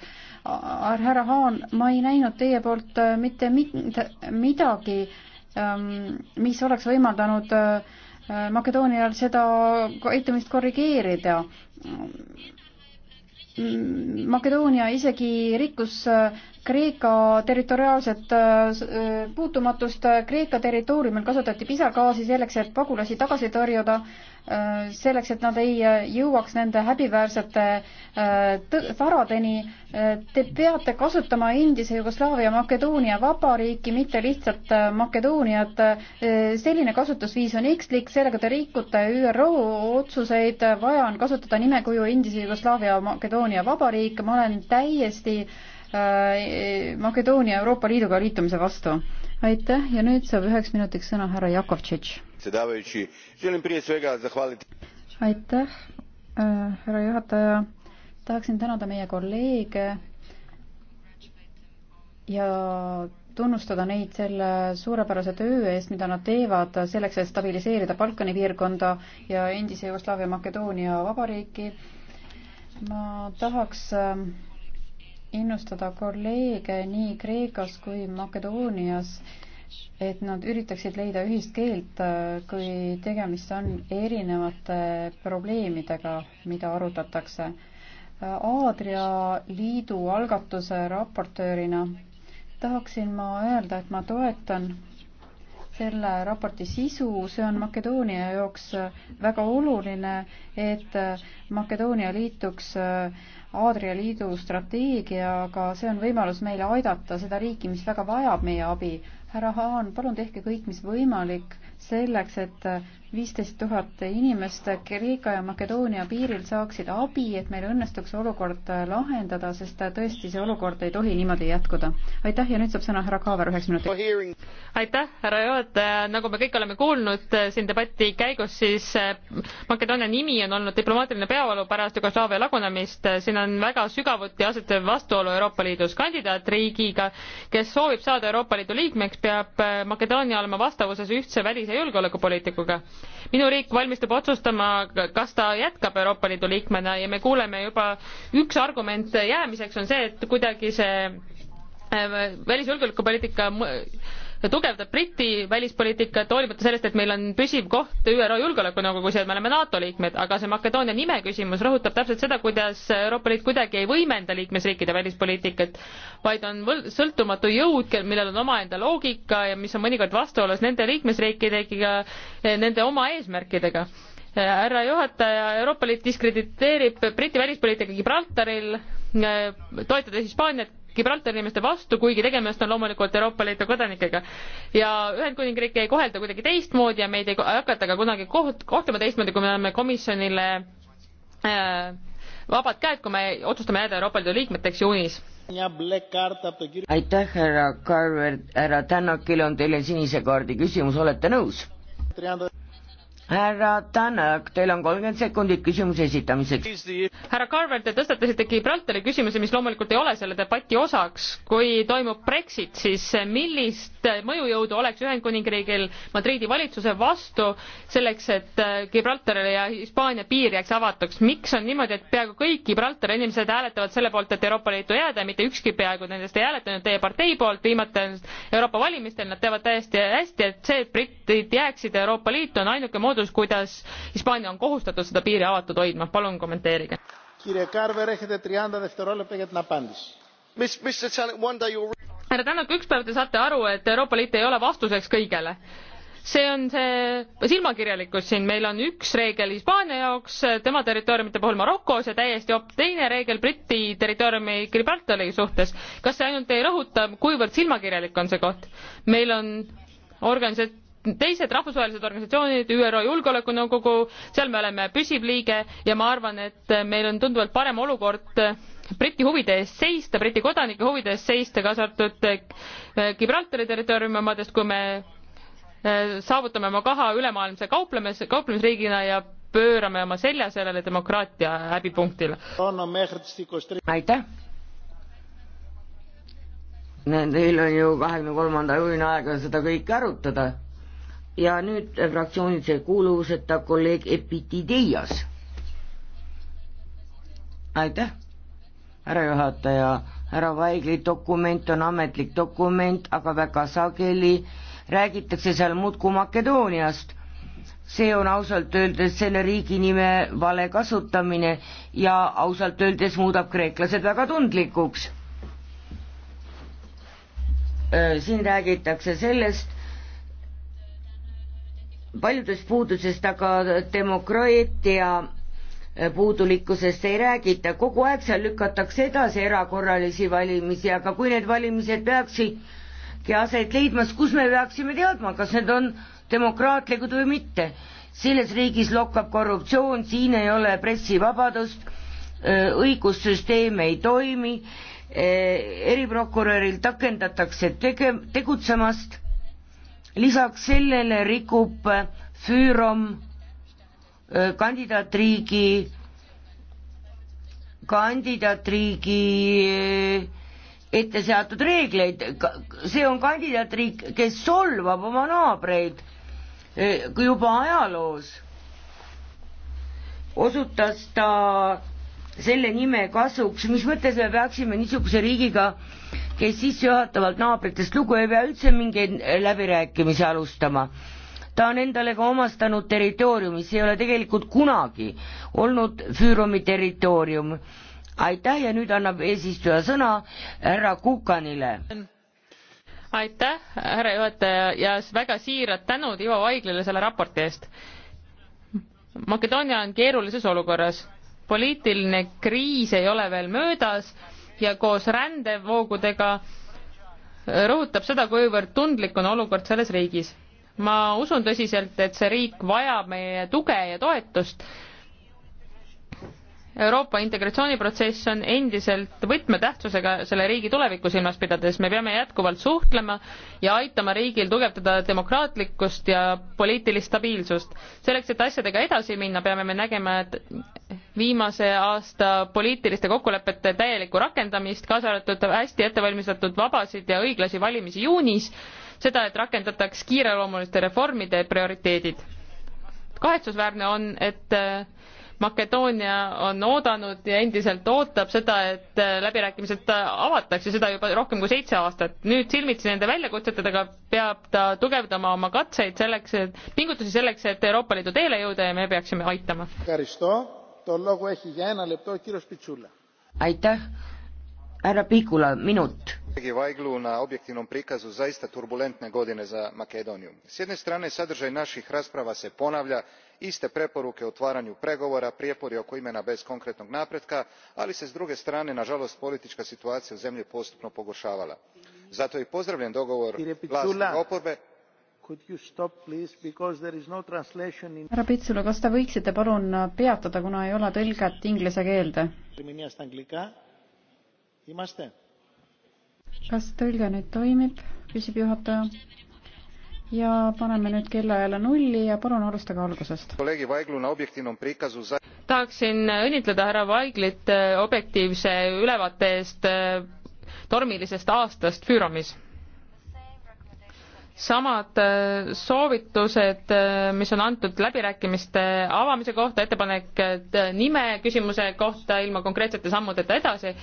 härra Haan, ma ei näinud teie poolt mitte mit-, midagi, ähm, mis oleks võimaldanud Makedoonial seda käitumist korrigeerida Mm, Makedoonia isegi rikkus äh, Kreeka territoriaalset äh, äh, puutumatust, Kreeka territooriumil kasutati pisargaasi selleks, et pagulasi tagasi tõrjuda Äh, selleks, et nad ei äh, jõuaks nende häbiväärsete äh, varadeni. Te peate kasutama endise Jugoslaavia Makedoonia vabariiki, mitte lihtsalt Makedooniat. selline kasutusviis on ekslik, sellega te rikute ÜRO otsuseid, vaja on kasutada nimekuju endise Jugoslaavia Makedoonia vabariik, ma olen täiesti Makedoonia Euroopa Liiduga liitumise vastu. aitäh ja nüüd saab üheks minutiks sõna härra Jakovtšitš predsjedavajući želim prije svega zahvaliti. aitäh äh, härra juhataja tahaksin tänada meie kolleege ja tunnustada neid selle suurepärase töö eest, mida nad teevad selleks, et stabiliseerida Balkani piirkonda ja endise Jugoslaavia Makedoonia vabariiki. ma tahaks äh, innustada kolleege nii Kreekas kui Makedoonias et nad üritaksid leida ühist keelt, äh, kui tegemist on erinevate probleemidega, mida arutatakse. Äh, Aadria Liidu algatuse raportöörina tahaksin ma öelda, et ma toetan selle raporti sisu, see on Makedoonia jaoks äh, väga oluline, et Makedoonia liituks äh, Aadria Liidu strateegiaga, see on võimalus meile aidata seda riiki, mis väga vajab meie abi. härra Haan, palun tehke kõik, mis võimalik selleks, et viisteist tuhat inimest Kreeka ja Makedoonia piiril saaksid abi, et meil õnnestuks olukord lahendada, sest tõesti see olukord ei tohi niimoodi jätkuda. aitäh ja nüüd saab sõna härra Kaaver üheks minutiks. aitäh, härra juhataja, nagu me kõik oleme kuulnud eh, siin debati käigus, siis eh, Makedoonia nimi on olnud diplomaatiline peavalu pärast Jugoslaavia lagunemist, siin on väga sügavuti asetev vastuolu Euroopa Liidus kandidaatriigiga, kes soovib saada Euroopa Liidu liikmeks, peab eh, Makedoonia olema vastavuses ühtse välis- ja julgeolekupoliitikuga minu riik valmistub otsustama, kas ta jätkab Euroopa Liidu liikmena ja me kuuleme juba, üks argument jäämiseks on see, et kuidagi see äh, välisjulgeolekupoliitika tugevdab Briti välispoliitikat, hoolimata sellest, et meil on püsiv koht ÜRO Julgeolekunõukogus ja me oleme NATO liikmed, aga see Makedoonia nime küsimus rõhutab täpselt seda, kuidas Euroopa Liit kuidagi ei võimenda liikmesriikide välispoliitikat, vaid on sõltumatu jõud, millel on omaenda loogika ja mis on mõnikord vastuolus nende liikmesriikidega, nende oma eesmärkidega härra juhataja, Euroopa Liit diskrediteerib Briti välispoliitika Gibraltaril, toetades Hispaaniat Gibraltari inimeste vastu, kuigi tegemist on loomulikult Euroopa Liidu kodanikega. ja Ühendkuningriiki ei kohelda kuidagi teistmoodi ja meid ei hakata ka kunagi koht-, kohtlema teistmoodi, kui me anname komisjonile äh, vabad käed, kui me otsustame jääda Euroopa Liidu liikmeteks juunis. aitäh, härra Carver, härra Tänakil on teile sinise kaardi küsimus, olete nõus? härra Tänak, teil on kolmkümmend sekundit küsimuse esitamiseks. härra Carver, te tõstatasite Gibraltari küsimuse, mis loomulikult ei ole selle debati osaks. kui toimub Brexit, siis millist mõjujõudu oleks Ühendkuningriigil Madridi valitsuse vastu selleks, et Gibraltarile ja Hispaania piir jääks avatuks? miks on niimoodi, et peaaegu kõik Gibraltari inimesed hääletavad selle poolt, et Euroopa Liitu jääda ja mitte ükski peaaegu nendest ei hääletanud teie partei poolt viimatel Euroopa valimistel, nad teavad täiesti hästi, et see, et britid jääksid Euroopa Liitu, on ainuke moodus, moodus, kuidas Hispaania on kohustatud seda piiri avatud hoidma. palun kommenteerige. härra Tänak, ükspäev te saate aru, et Euroopa Liit ei ole vastuseks kõigele see on see silmakirjalikkus siin, meil on üks reegel Hispaania jaoks, tema territooriumite puhul Marokos ja täiesti hoopis teine reegel Briti territooriumi Gibraltari suhtes. kas see ainult ei rõhuta, kuivõrd silmakirjalik on see koht? meil on organisa-, teised rahvusvahelised organisatsioonid, ÜRO Julgeolekunõukogu, seal me oleme püsiv liige ja ma arvan, et meil on tunduvalt parem olukord Briti huvide eest seista, Briti kodanike huvide eest seista, kaasa arvatud eh, Gibraltari territooriumi omadest, kui me eh, saavutame oma kaha ülemaailmse kauplemis, kauplemisriigina ja pöörame oma selja sellele demokraatia häbipunktile. aitäh! Neil on ju kahekümne kolmanda juunini aega seda kõike arutada ja nüüd äh, fraktsioonilise kuuluvuseta kolleeg Epitideias. aitäh, härra juhataja, härra Vaigli dokument on ametlik dokument, aga väga sageli räägitakse seal muudkui Makedooniast. see on ausalt öeldes selle riigi nime vale kasutamine ja ausalt öeldes muudab kreeklased väga tundlikuks. Äh, siin räägitakse sellest, paljudest puudusest, aga demokraatia eh, puudulikkusest ei räägita, kogu aeg seal lükatakse edasi erakorralisi valimisi, aga kui need valimised peaksidki aset leidma, siis kus me peaksime teadma, kas need on demokraatlikud või mitte. selles riigis lokkab korruptsioon, siin ei ole pressivabadust, eh, õigussüsteem ei toimi, eh, eriprokuröril takendatakse tege-, tegutsemast lisaks sellele rikub Füürom kandidaatriigi, kandidaatriigi ette seatud reegleid, see on kandidaatriik, kes solvab oma naabreid juba ajaloos, osutas ta selle nime kasuks, mis mõttes me peaksime niisuguse riigiga äh, kes sissejuhatavalt naabritest lugu ei pea üldse mingeid läbirääkimisi alustama. ta on endale ka omastanud territooriumi, see ei ole tegelikult kunagi olnud Füürumi territoorium. aitäh ja nüüd annab eesistuja sõna härra Kukanile. aitäh, härra juhataja ja väga siirad tänud Ivo Vaiglile selle raporti eest. Makedoonia on keerulises olukorras poliitiline kriis ei ole veel möödas ja koos rändevoogudega rõhutab seda, kuivõrd tundlik on olukord selles riigis. ma usun tõsiselt, et see riik vajab meie tuge ja toetust Euroopa integratsiooniprotsess on endiselt võtmetähtsusega selle riigi tulevikku silmas pidades, me peame jätkuvalt suhtlema ja aitama riigil tugevdada demokraatlikkust ja poliitilist stabiilsust. selleks, et asjadega edasi minna, peame me nägema, et viimase aasta poliitiliste kokkulepete täielikku rakendamist, kaasa arvatud hästi ettevalmistatud vabasid ja õiglasi valimisi juunis, seda, et rakendataks kiireloomuliste reformide prioriteedid. kahetsusväärne on, et Makedoonia on oodanud ja endiselt ootab seda, et äh, läbirääkimised äh, avatakse, seda juba rohkem kui seitse aastat. nüüd silmitsi nende väljakutsetega peab ta tugevdama oma katseid selleks, et, pingutusi selleks, et Euroopa Liidu teele jõuda ja me peaksime aitama. aitäh, härra Pikula, minut kolegi vajglu na objektivnom prikazu zaista turbulentne godine za makedoniju. s jedne strane sadraj naih rasprava se ponavlja iste preporuke o otvaranju pregovora prijepori oko imena bez konkretnog napretka ali se s druge strane naalost politika situacija u zemlji postupno pogoravala. zato i pozdravljam dogovor vlasti i oporbe härra pitsula kas te võiksite palun peatuda kuna ei ole tõlget inglise keelde? kas tõlge nüüd toimib, küsib juhataja. ja paneme nüüd kellaajale nulli ja palun alustage algusest. tahaksin õnnitleda härra Vaiglit äh, objektiivse ülevaate eest äh, tormilisest aastast Füüromis. samad äh, soovitused, mis on antud läbirääkimiste avamise kohta, ettepanek nime küsimuse kohta ilma konkreetsete sammudeta edasi,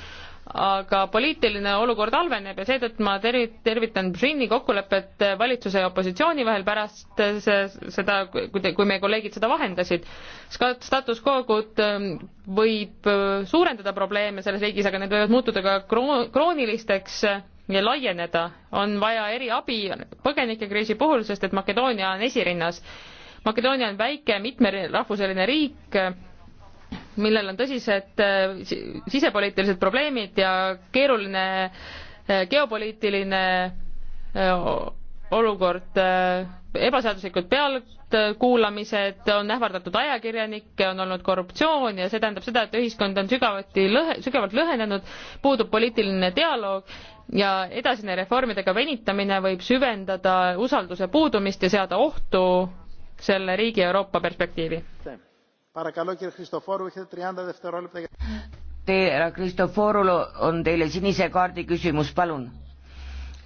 aga poliitiline olukord halveneb ja seetõttu ma tervitan Brini kokkulepet valitsuse ja opositsiooni vahel pärast seda, kui meie kolleegid seda vahendasid. status quo'd ähm, võib äh, suurendada probleeme selles riigis, aga need võivad muutuda ka kroonilisteks ja laieneda. on vaja eriabi põgenikekriisi puhul, sest et Makedoonia on esirinnas. Makedoonia on väike mitmerahvuseline riik millel on tõsised eh, sisepoliitilised probleemid ja keeruline eh, geopoliitiline eh, olukord, ebaseaduslikud pealtkuulamised, on ähvardatud ajakirjanikke, on olnud korruptsioon ja see tähendab seda, et ühiskond on sügavati lõhe, sügavalt lõhenenud, puudub poliitiline dialoog ja edasine reformidega venitamine võib süvendada usalduse puudumist ja seada ohtu selle riigi Euroopa perspektiivi härra Kristoforul on teile sinise kaardi küsimus, palun.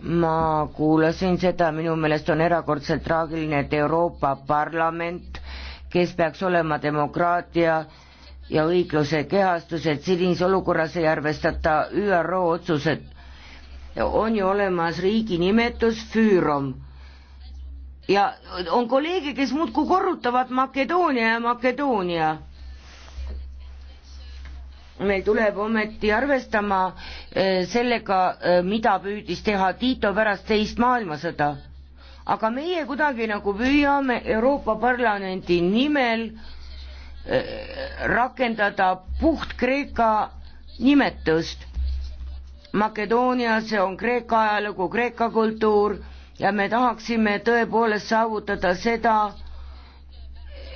ma kuulasin seda, minu meelest on erakordselt traagiline, et Euroopa Parlament, kes peaks olema demokraatia ja õigluse kehastused, sinises olukorras ei arvestata ÜRO otsused. on ju olemas riigi nimetus Füürom ja on kolleege, kes muudkui korrutavad Makedoonia ja Makedoonia. meil tuleb ometi arvestama eh, sellega, eh, mida püüdis teha Tiito pärast teist maailmasõda. aga meie kuidagi nagu püüame Euroopa Parlamendi nimel eh, rakendada puht Kreeka nimetust. Makedoonias on Kreeka ajalugu, Kreeka kultuur ja me tahaksime tõepoolest saavutada seda,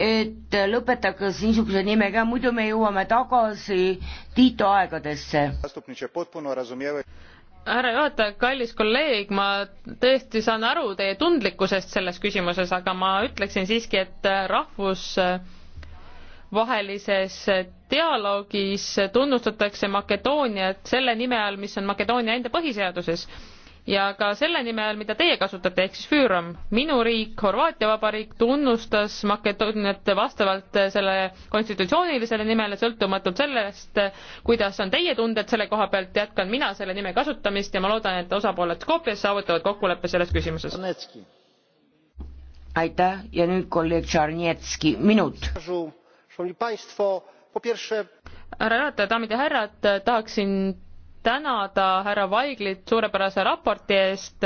et lõpetaks niisuguse nimega, muidu me jõuame tagasi Tiito aegadesse. härra juhataja, kallis kolleeg, ma tõesti saan aru teie tundlikkusest selles küsimuses, aga ma ütleksin siiski, et rahvus vahelises dialoogis tunnustatakse Makedooniat selle nime all, mis on Makedoonia enda põhiseaduses ja ka selle nime all, mida teie kasutate, ehk siis Füürom. minu riik, Horvaatia Vabariik, tunnustas Makedooniat vastavalt selle konstitutsioonilisele nimele, sõltumatult sellest, kuidas on teie tunded selle koha pealt, jätkan mina selle nime kasutamist ja ma loodan, et osapooled Skopjas saavutavad kokkuleppe selles küsimuses. aitäh ja nüüd kolleeg Tšarnetski, minut. härra juhataja, daamid ja härrad, tahaksin tänada härra Vaiglit suurepärase raporti eest.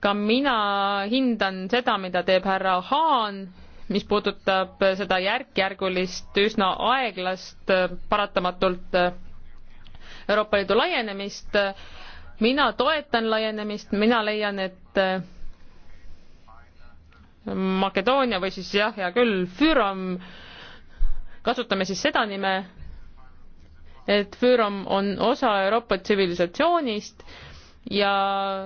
ka mina hindan seda, mida teeb härra Haan, mis puudutab seda järk-järgulist, üsna aeglast, paratamatult Euroopa Liidu laienemist. mina toetan laienemist, mina leian, et Makedoonia või siis jah, hea küll, Fürom, kasutame siis seda nime et Füürom on osa Euroopa tsivilisatsioonist ja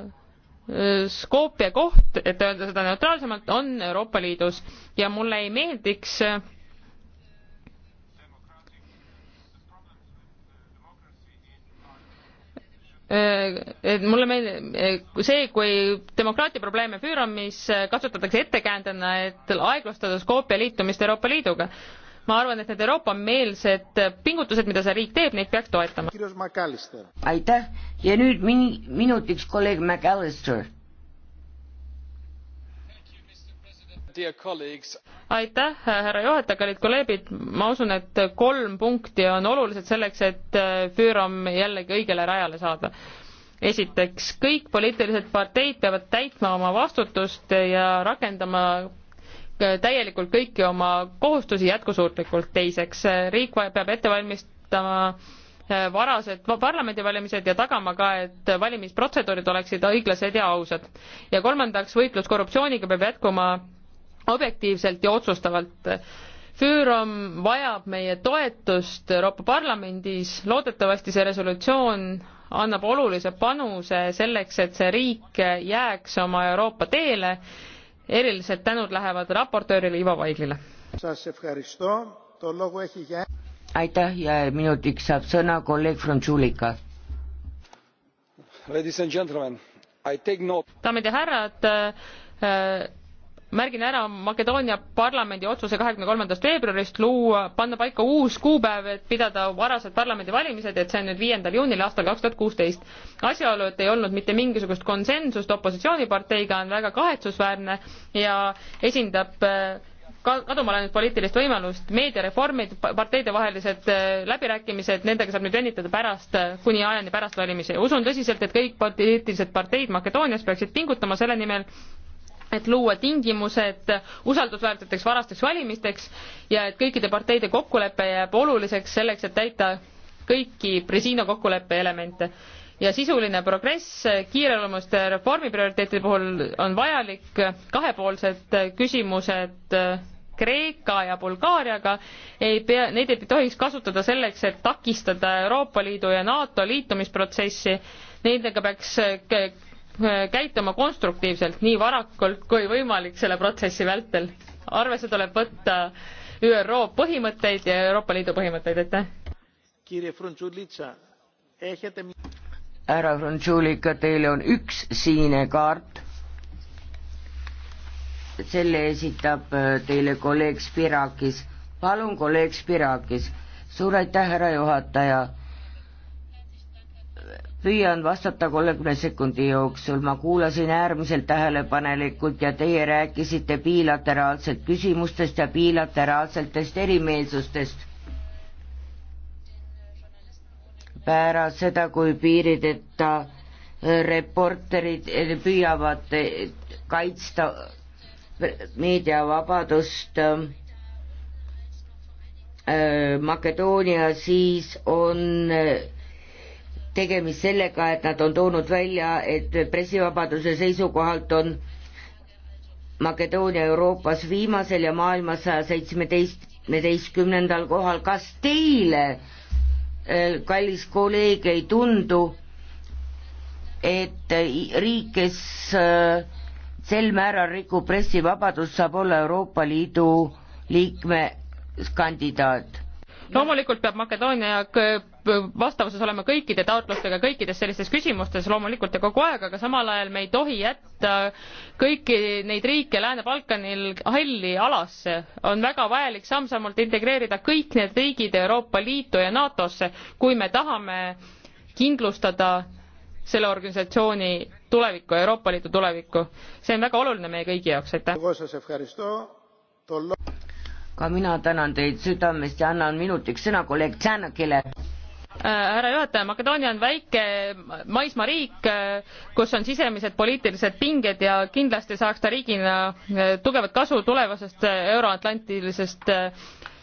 äh, Skopje koht, et öelda seda neutraalsemalt, on Euroopa Liidus ja mulle ei meeldiks äh, et mulle meeldib äh, see, kui demokraatia probleeme Füüromis kasutatakse ettekäändena, et aeglustada Skopje liitumist Euroopa Liiduga ma arvan, et need Euroopa-meelsed pingutused, mida see riik teeb, neid peaks toetama. aitäh ja nüüd min-, minutiks kolleeg McAllister. aitäh, härra juhataja, kallid kolleegid, ma usun, et kolm punkti on olulised selleks, et äh, Füürom jällegi õigele rajale saada esiteks, kõik poliitilised parteid peavad täitma oma vastutust ja rakendama täielikult kõiki oma kohustusi jätkusuutlikult. teiseks, riik peab ette valmistama eh, varased parlamendivalimised ja tagama ka, et valimisprotseduurid oleksid õiglased ja ausad. ja kolmandaks, võitlus korruptsiooniga peab jätkuma objektiivselt ja otsustavalt. Füürom vajab meie toetust Euroopa Parlamendis, loodetavasti see resolutsioon annab olulise panuse selleks, et see riik jääks oma Euroopa teele erilised tänud lähevad raportöörile Ivo Vaiglile. aitäh ja minutiks saab sõna kolleeg Frantsulika. daamid ja härrad äh,, märgin ära Makedoonia parlamendi otsuse kahekümne kolmandast veebruarist luua, panna paika uus kuupäev, et pidada varased parlamendivalimised, et see on nüüd viiendal juunil aastal kaks tuhat kuusteist. asjaolu, et ei olnud mitte mingisugust konsensust opositsiooniparteiga, on väga kahetsusväärne ja esindab äh, kaduma läinud poliitilist võimalust, meediareformid, parteidevahelised äh, läbirääkimised, nendega saab nüüd venitada pärast, äh, kuni ajani pärast valimisi. usun tõsiselt, et kõik poliitilised parteid Makedoonias peaksid pingutama selle nimel, et luua tingimused usaldusväärseteks varasteks valimisteks ja et kõikide parteide kokkulepe jääb oluliseks selleks, et täita kõiki Brežino kokkuleppe elemente. ja sisuline progress kiireloomuliste reformi prioriteetide puhul on vajalik, kahepoolsed küsimused Kreeka ja Bulgaariaga ei pea, neid ei tohiks kasutada selleks, et takistada Euroopa Liidu ja NATO liitumisprotsessi, nendega peaks käituma konstruktiivselt nii varakult kui võimalik selle protsessi vältel. arvesse tuleb võtta ÜRO põhimõtteid ja Euroopa Liidu põhimõtteid, aitäh! härra Frunzulika, teile on üks siinekaart. selle esitab äh, teile kolleeg Spirakis. palun, kolleeg Spirakis. suur aitäh, härra juhataja püüan vastata kolmekümne sekundi jooksul, ma kuulasin äärmiselt tähelepanelikult ja teie rääkisite bilateraalselt küsimustest ja bilateraalsetest erimeelsustest. pärast seda, kui piirideta reporterid püüavad kaitsta meediavabadust äh, Makedoonia, siis on tegemist sellega, et nad on toonud välja, et pressivabaduse seisukohalt on Makedoonia Euroopas viimasel ja maailmas saja seitsmeteistkümnendal kohal. kas teile, äh, kallis kolleeg, ei tundu, et riik, kes äh, sel määral rikub pressivabadust, saab olla Euroopa Liidu liikme kandidaat? loomulikult peab Makedoonia vastavuses olema kõikide taotlustega kõikides sellistes küsimustes loomulikult ja kogu aeg, aga samal ajal me ei tohi jätta kõiki neid riike Lääne-Balkanil halli alasse. on väga vajalik samm-sammult integreerida kõik need riigid Euroopa Liitu ja NATO-sse, kui me tahame kindlustada selle organisatsiooni tulevikku, Euroopa Liidu tulevikku. see on väga oluline meie kõigi jaoks, aitäh! ka mina tänan teid südamest ja annan minutiks sõna kolleeg Tšännakile. Äh, härra juhataja, Makedoonia on väike maismaariik, äh, kus on sisemised poliitilised pinged ja kindlasti saaks ta riigina äh, tugevat kasu tulevasest euroatlantilisest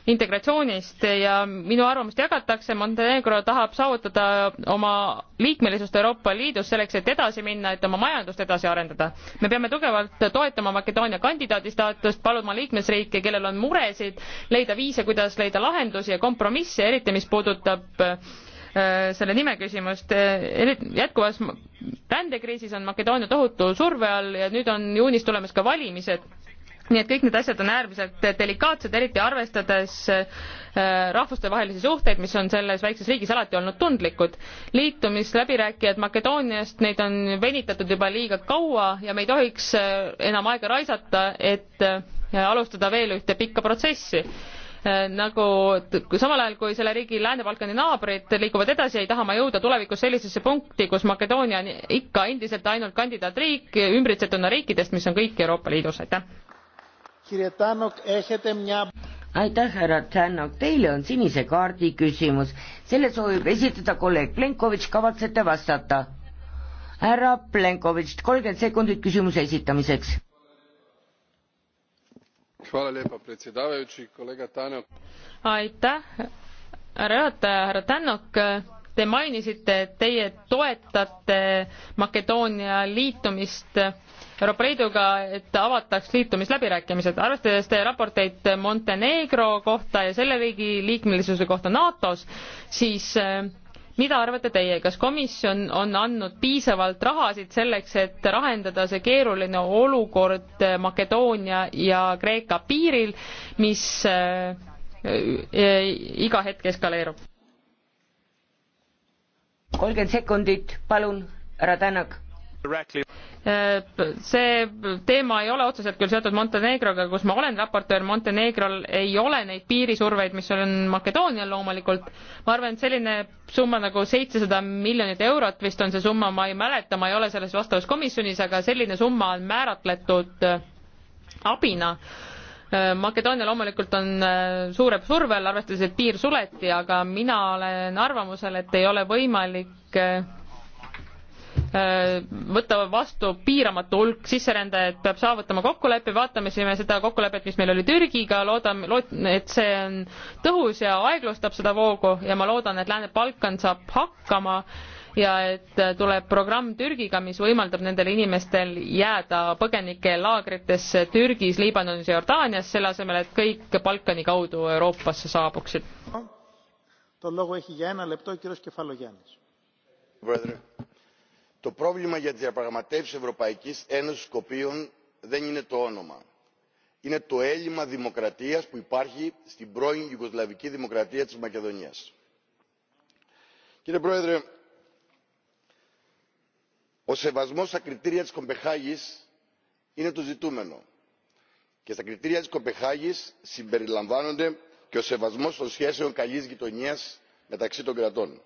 integratsioonist ja minu arvamust jagatakse, Montenegro tahab saavutada oma liikmelisust Euroopa Liidus selleks, et edasi minna, et oma majandust edasi arendada. me peame tugevalt toetama Makedoonia kandidaadi staatust, paluma liikmesriike, kellel on muresid, leida viise, kuidas leida lahendusi ja kompromisse, eriti mis puudutab äh, selle nime küsimust. jätkuvas rändekriisis on Makedoonia tohutu surve all ja nüüd on juunis tulemas ka valimised nii et kõik need asjad on äärmiselt delikaatsed, eriti arvestades äh, rahvustevahelisi suhteid, mis on selles väikses riigis alati olnud tundlikud. liitumisläbirääkijad Makedooniast, neid on venitatud juba liiga kaua ja me ei tohiks äh, enam aega raisata, et äh, alustada veel ühte pikka protsessi nagu samal ajal kui selle riigi Lääne-Balkani naabrid liiguvad edasi, ei taha ma jõuda tulevikus sellisesse punkti, kus Makedoonia on ikka endiselt ainult kandidaatriik, ümbritsetuna riikidest, mis on kõik Euroopa Liidus, aitäh aitäh, härra Tšännok, teile on sinise kaardi küsimus. selle soovib esitada kolleeg Plenkovitš, kavatsete vastata? härra Plenkovitš, kolmkümmend sekundit küsimuse esitamiseks. aitäh, härra juhataja, härra Tännok Te mainisite, et teie toetate Makedoonia liitumist Euroopa Liiduga, et avataks liitumisläbirääkimised. arvestades teie raporteid Montenegro kohta ja selle riigi liikmelisuse kohta NATO-s, siis eh, mida arvate teie, kas komisjon on andnud piisavalt rahasid selleks, et lahendada see keeruline olukord Makedoonia ja Kreeka piiril, mis eh, eh, iga hetk eskaleerub? kolmkümmend sekundit, palun, härra Tänak see teema ei ole otseselt küll seotud Montenegroga, kus ma olen raportöör, Montenegrol ei ole neid piirisurveid, mis on Makedoonial loomulikult. ma arvan, et selline summa nagu seitsesada miljonit eurot vist on see summa, ma ei mäleta, ma ei ole selles vastavas komisjonis, aga selline summa on määratletud abina Äh, Makedoonia loomulikult on äh, suure surve all, arvestades, et piir suleti, aga mina olen arvamusel, et ei ole võimalik äh, võtta vastu piiramatu hulk sisserändajaid, peab saavutama kokkuleppe, vaatame seda kokkulepet, mis meil oli Türgiga, loodame, lood-, et see on tõhus ja aeglustab seda voogu ja ma loodan, et Lääne-Balkan saab hakkama äh, ja et tuleb programm Türgiga, mis võimaldab nendel inimestel jääda põgenikelaagritesse Türgis, Liibanonis ja Jordaanias, selle asemel, et kõik Balkani kaudu Euroopasse saabuksid. Το πρόβλημα για τις διαπραγματεύσεις Ευρωπαϊκής Ένωσης Σκοπίων δεν είναι το όνομα. Είναι το έλλειμμα δημοκρατίας που υπάρχει στην πρώην Ιουγκοσλαβική Δημοκρατία της Μακεδονίας. Κύριε Πρόεδρε, ο σεβασμός στα κριτήρια της κοπενχάγης είναι το ζητούμενο και στα κριτήρια της κοπενχάγης συμπεριλαμβάνονται και ο σεβασμός των σχέσεων καλής γειτονίας μεταξύ των κρατών.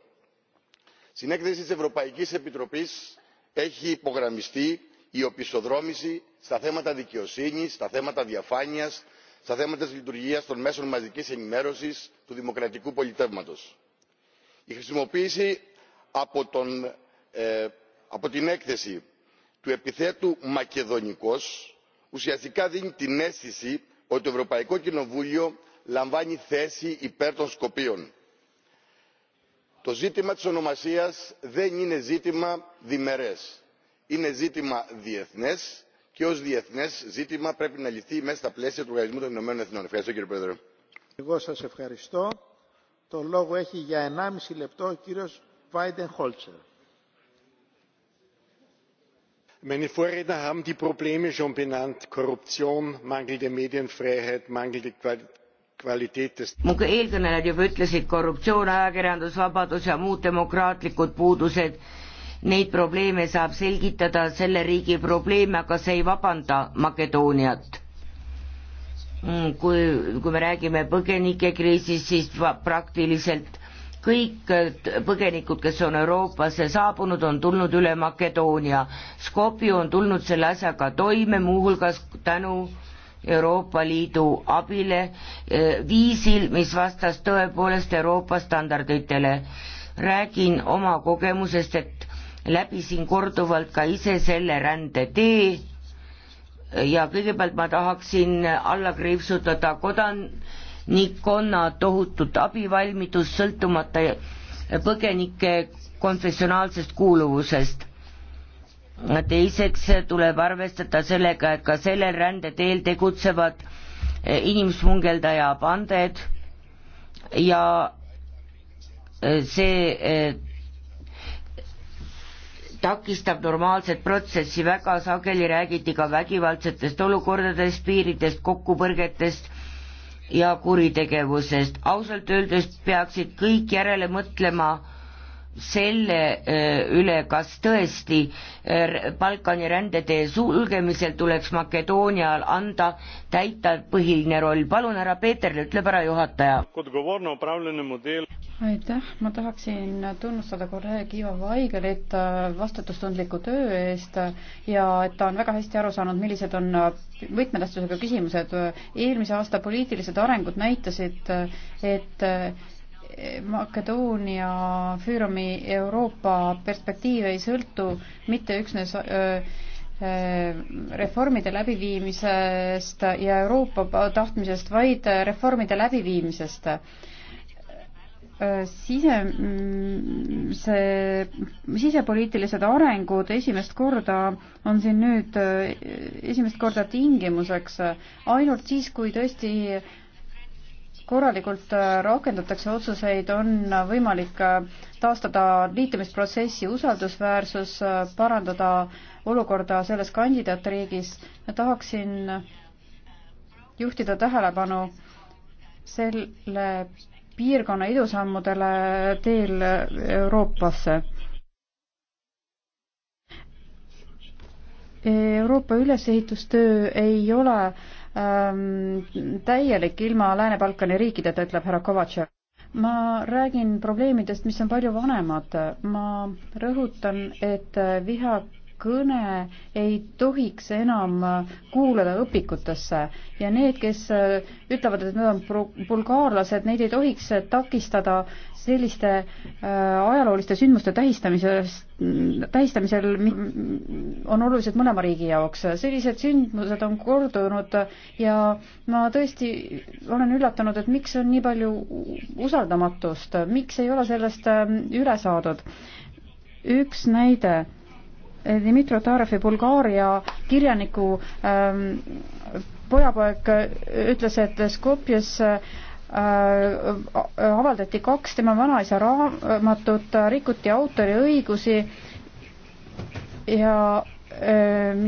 στην έκθεση της ευρωπαϊκής επιτροπής έχει υπογραμμιστεί η οπισθοδρόμηση στα θέματα δικαιοσύνης στα θέματα διαφάνειας στα θέματα της λειτουργίας των μέσων μαζικής ενημέρωσης του δημοκρατικού πολιτεύματος. η χρησιμοποίηση από τον ε, από την έκθεση του επιθέτου μακεδονικός ουσιαστικά δίνει την αίσθηση ότι το ευρωπαϊκό κοινοβούλιο λαμβάνει θέση υπέρ των σκοπίων. το ζήτημα της ονομασίας δεν είναι ζήτημα διμερές είναι ζήτημα διεθνές και ως διεθνές ζήτημα πρέπει να λυθεί μέσα στα πλαίσια του οργανισμού των ηνωμένων εθνών. ευχαριστώ κύριε πρόεδρε. Εγώ σας ευχαριστώ. Το λόγο έχει για 1,5 λεπτό ο κύριος Βάιντεν Χόλτσερ meine vorredner haben die probleme schon benannt korruption mangelnde medienfreiheit mangelnde qualität des. mu eelkõnelejad juba ütlesid korruptsioon ajakirjandusvabadus ja muud demokraatlikud puudused neid probleeme saab selgitada selle riigi probleeme aga see ei vabanda makedooniat mm, kui kui me räägime põgenikekriisist siis praktiliselt kõik põgenikud, kes on Euroopasse saabunud, on tulnud üle Makedoonia. Skopje on tulnud selle asjaga toime, muuhulgas tänu Euroopa Liidu abile eh, viisil, mis vastas tõepoolest Euroopa standarditele. räägin oma kogemusest, et läbisin korduvalt ka ise selle rändetee ja kõigepealt ma tahaksin alla kriipsutada kodan-, elanikkonna tohutut abivalmidust, sõltumata põgenike konfessionaalsest kuuluvusest. teiseks tuleb arvestada sellega, et ka sellel rändeteel tegutsevad eh, inimsmungeldaja panded ja eh, see eh, takistab normaalset protsessi, väga sageli räägiti ka vägivaldsetest olukordadest, piiridest, kokkupõrgetest ja kuritegevusest. ausalt öeldes peaksid kõik järele mõtlema selle äh, üle, kas tõesti äh, Balkani rändetee sulgemisel tuleks Makedoonial anda täita põhiline roll. palun, härra Peeterle, ütleb ära juhataja. aitäh, ma tahaksin tunnustada kolleeg Ivo Vaigelit äh, vastutustundliku töö eest ja et ta on väga hästi aru saanud, millised on võtmetähtsusega küsimused. eelmise aasta poliitilised arengud näitasid, et Makedoonia Füürumi Euroopa perspektiiv ei sõltu mitte üksnes reformide läbiviimisest ja Euroopa tahtmisest, vaid reformide läbiviimisest sisemise, sisepoliitilised arengud esimest korda on siin nüüd esimest korda tingimuseks ainult siis, kui tõesti korralikult äh, rakendatakse otsuseid, on võimalik äh, taastada liitumisprotsessi usaldusväärsus, äh, parandada olukorda selles kandidaatriigis. ma tahaksin juhtida tähelepanu selle piirkonna edusammudele teel Euroopasse Euroopa ülesehitustöö ei ole ähm, täielik ilma Lääne-Balkani riikideta, ütleb härra Kovatšev. ma räägin probleemidest, mis on palju vanemad. ma rõhutan, et viha kõne ei tohiks enam kuuluda õpikutesse ja need, kes äh, ütlevad, et nad on bulgaarlased, neid ei tohiks takistada selliste äh, ajalooliste sündmuste tähistamises, tähistamisel on olulised mõlema riigi jaoks. sellised sündmused on kordunud ja ma tõesti olen üllatunud, et miks on nii palju usaldamatust, miks ei ole sellest ähm, üle saadud. üks näide Dmitro Tarevi Bulgaaria kirjaniku ähm, pojapoeg äh, ütles, et Skopjes äh, äh, avaldati kaks tema vanaisa raamatut, rikuti autoriõigusi ja äh,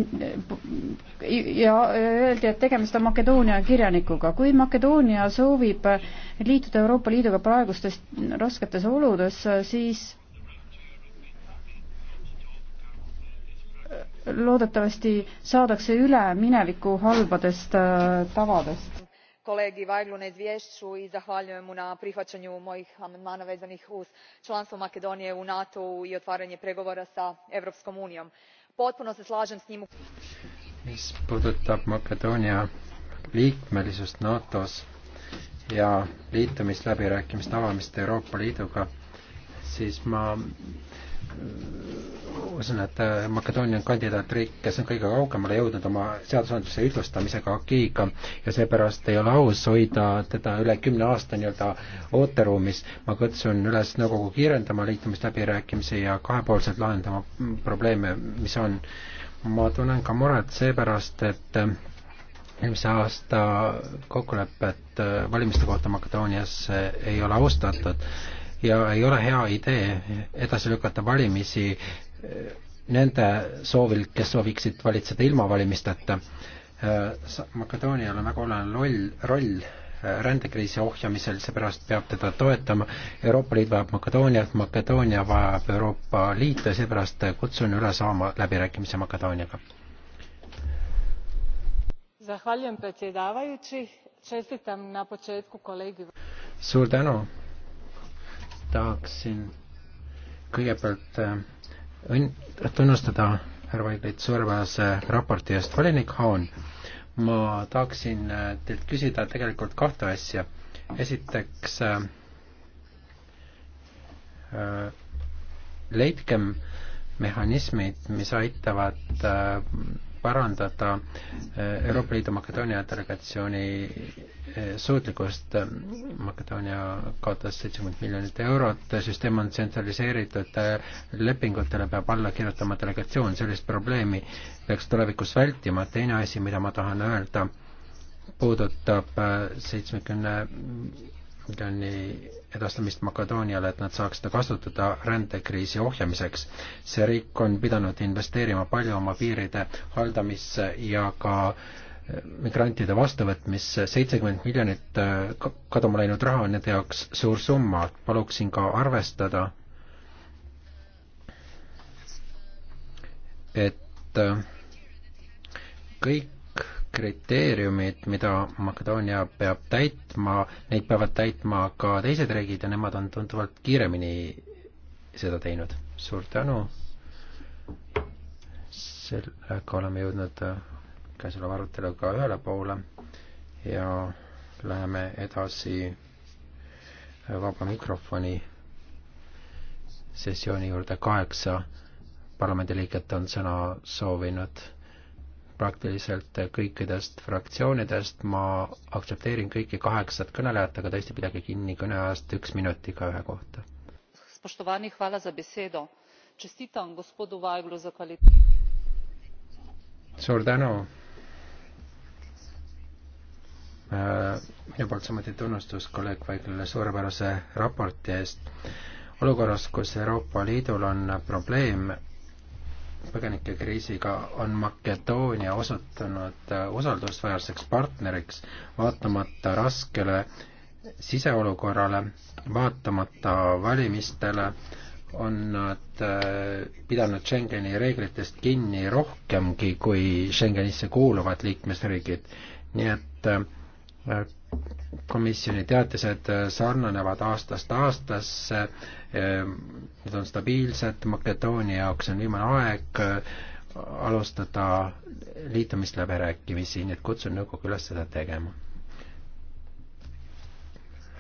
ja öeldi, et tegemist on Makedoonia kirjanikuga. kui Makedoonia soovib liituda Euroopa Liiduga praegustes rasketes oludes, siis loodetavasti saadakse üle mineviku halbadest äh, tavadest kolegi vajglu na izvjeu i zahvaljujem mu na prihvaanju mojih amandmana vezanih uz lanstvo makedonije u nato u i otvaranje pregovora s europskom unijom. potpuno se slaem s njim. mis puudutab makedoonia liikmelisust natos ja liitumisläbirääkimiste avamist euroopa liiduga siis ma usun, et äh, Makedoonia on kandidaatriik, kes on kõige kaugemale jõudnud oma seadusandluse ühtlustamisega AK-ga ja seepärast ei ole aus hoida teda üle kümne aasta nii-öelda ooteruumis. ma kutsun üles nõukogu kiirendama liitumisläbirääkimisi ja kahepoolselt lahendama probleeme, mis on. ma tunnen ka muret seepärast, et äh, eelmise aasta kokkulepet äh, valimiste kohta Makedoonias ei ole austatud ja ei ole hea idee edasi lükata valimisi eh, nende soovil, kes sooviksid valitseda ilma valimisteta. Eh, Makedoonial on väga oluline loll, roll eh, rändekriisi ohjamisel, seepärast peab teda toetama. Euroopa Liit vajab Makedooniat, Makedoonia vajab Euroopa Liitu ja seepärast kutsun üle saama läbirääkimisi Makedooniaga. suur tänu tahaksin kõigepealt äh, õnn-, tunnustada härra Vaiglit suurepärase raporti eest. volinik Haan, ma tahaksin äh, teilt küsida tegelikult kahte asja. esiteks äh, äh, leidkem mehhanismid, mis aitavad äh, parandada äh, Euroopa Liidu Makedoonia delegatsiooni Eh, suutlikkust. Eh, Makedoonia kaotas seitsekümmend miljonit eurot, süsteem on tsentraliseeritud, eh, lepingutele peab alla kirjutama delegatsioon, sellist probleemi peaks tulevikus vältima. teine asi, mida ma tahan öelda, puudutab seitsmekümne miljoni edastamist Makedooniale, et nad saaks seda kasutada rändekriisi ohjamiseks. see riik on pidanud investeerima palju oma piiride haldamisse ja ka äh, migrantide vastuvõtmisse, seitsekümmend miljonit äh, kaduma läinud raha on nende jaoks suur summa, paluksin ka arvestada, et äh, kõik kriteeriumid, mida Makedoonia peab täitma, neid peavad täitma ka teised riigid ja nemad on tunduvalt kiiremini seda teinud. suur tänu, sellega oleme jõudnud äh, käesoleva aruteluga ühele poole ja läheme edasi vaba mikrofoni sessiooni juurde. kaheksa parlamendiliiget on sõna soovinud praktiliselt kõikidest fraktsioonidest. ma aktsepteerin kõiki kaheksat kõnelejat, aga tõesti pidage kinni kõneajast üks minut igaühe kohta. suur tänu minu äh, poolt samuti tunnustus kolleeg Vaiglale suurepärase raporti eest. olukorras, kus Euroopa Liidul on probleem põgenikekriisiga, on Makedoonia osutunud äh, usaldusväärseks partneriks, vaatamata raskele siseolukorrale, vaatamata valimistele, on nad äh, pidanud Schengeni reeglitest kinni rohkemgi kui Schengenisse kuuluvad liikmesriigid. nii et äh, komisjoni teatised sarnanevad aastast aastasse, need on stabiilsed, Makedoonia jaoks on viimane aeg alustada liitumisläbirääkimisi, nii et kutsun nõukogu üles seda tegema.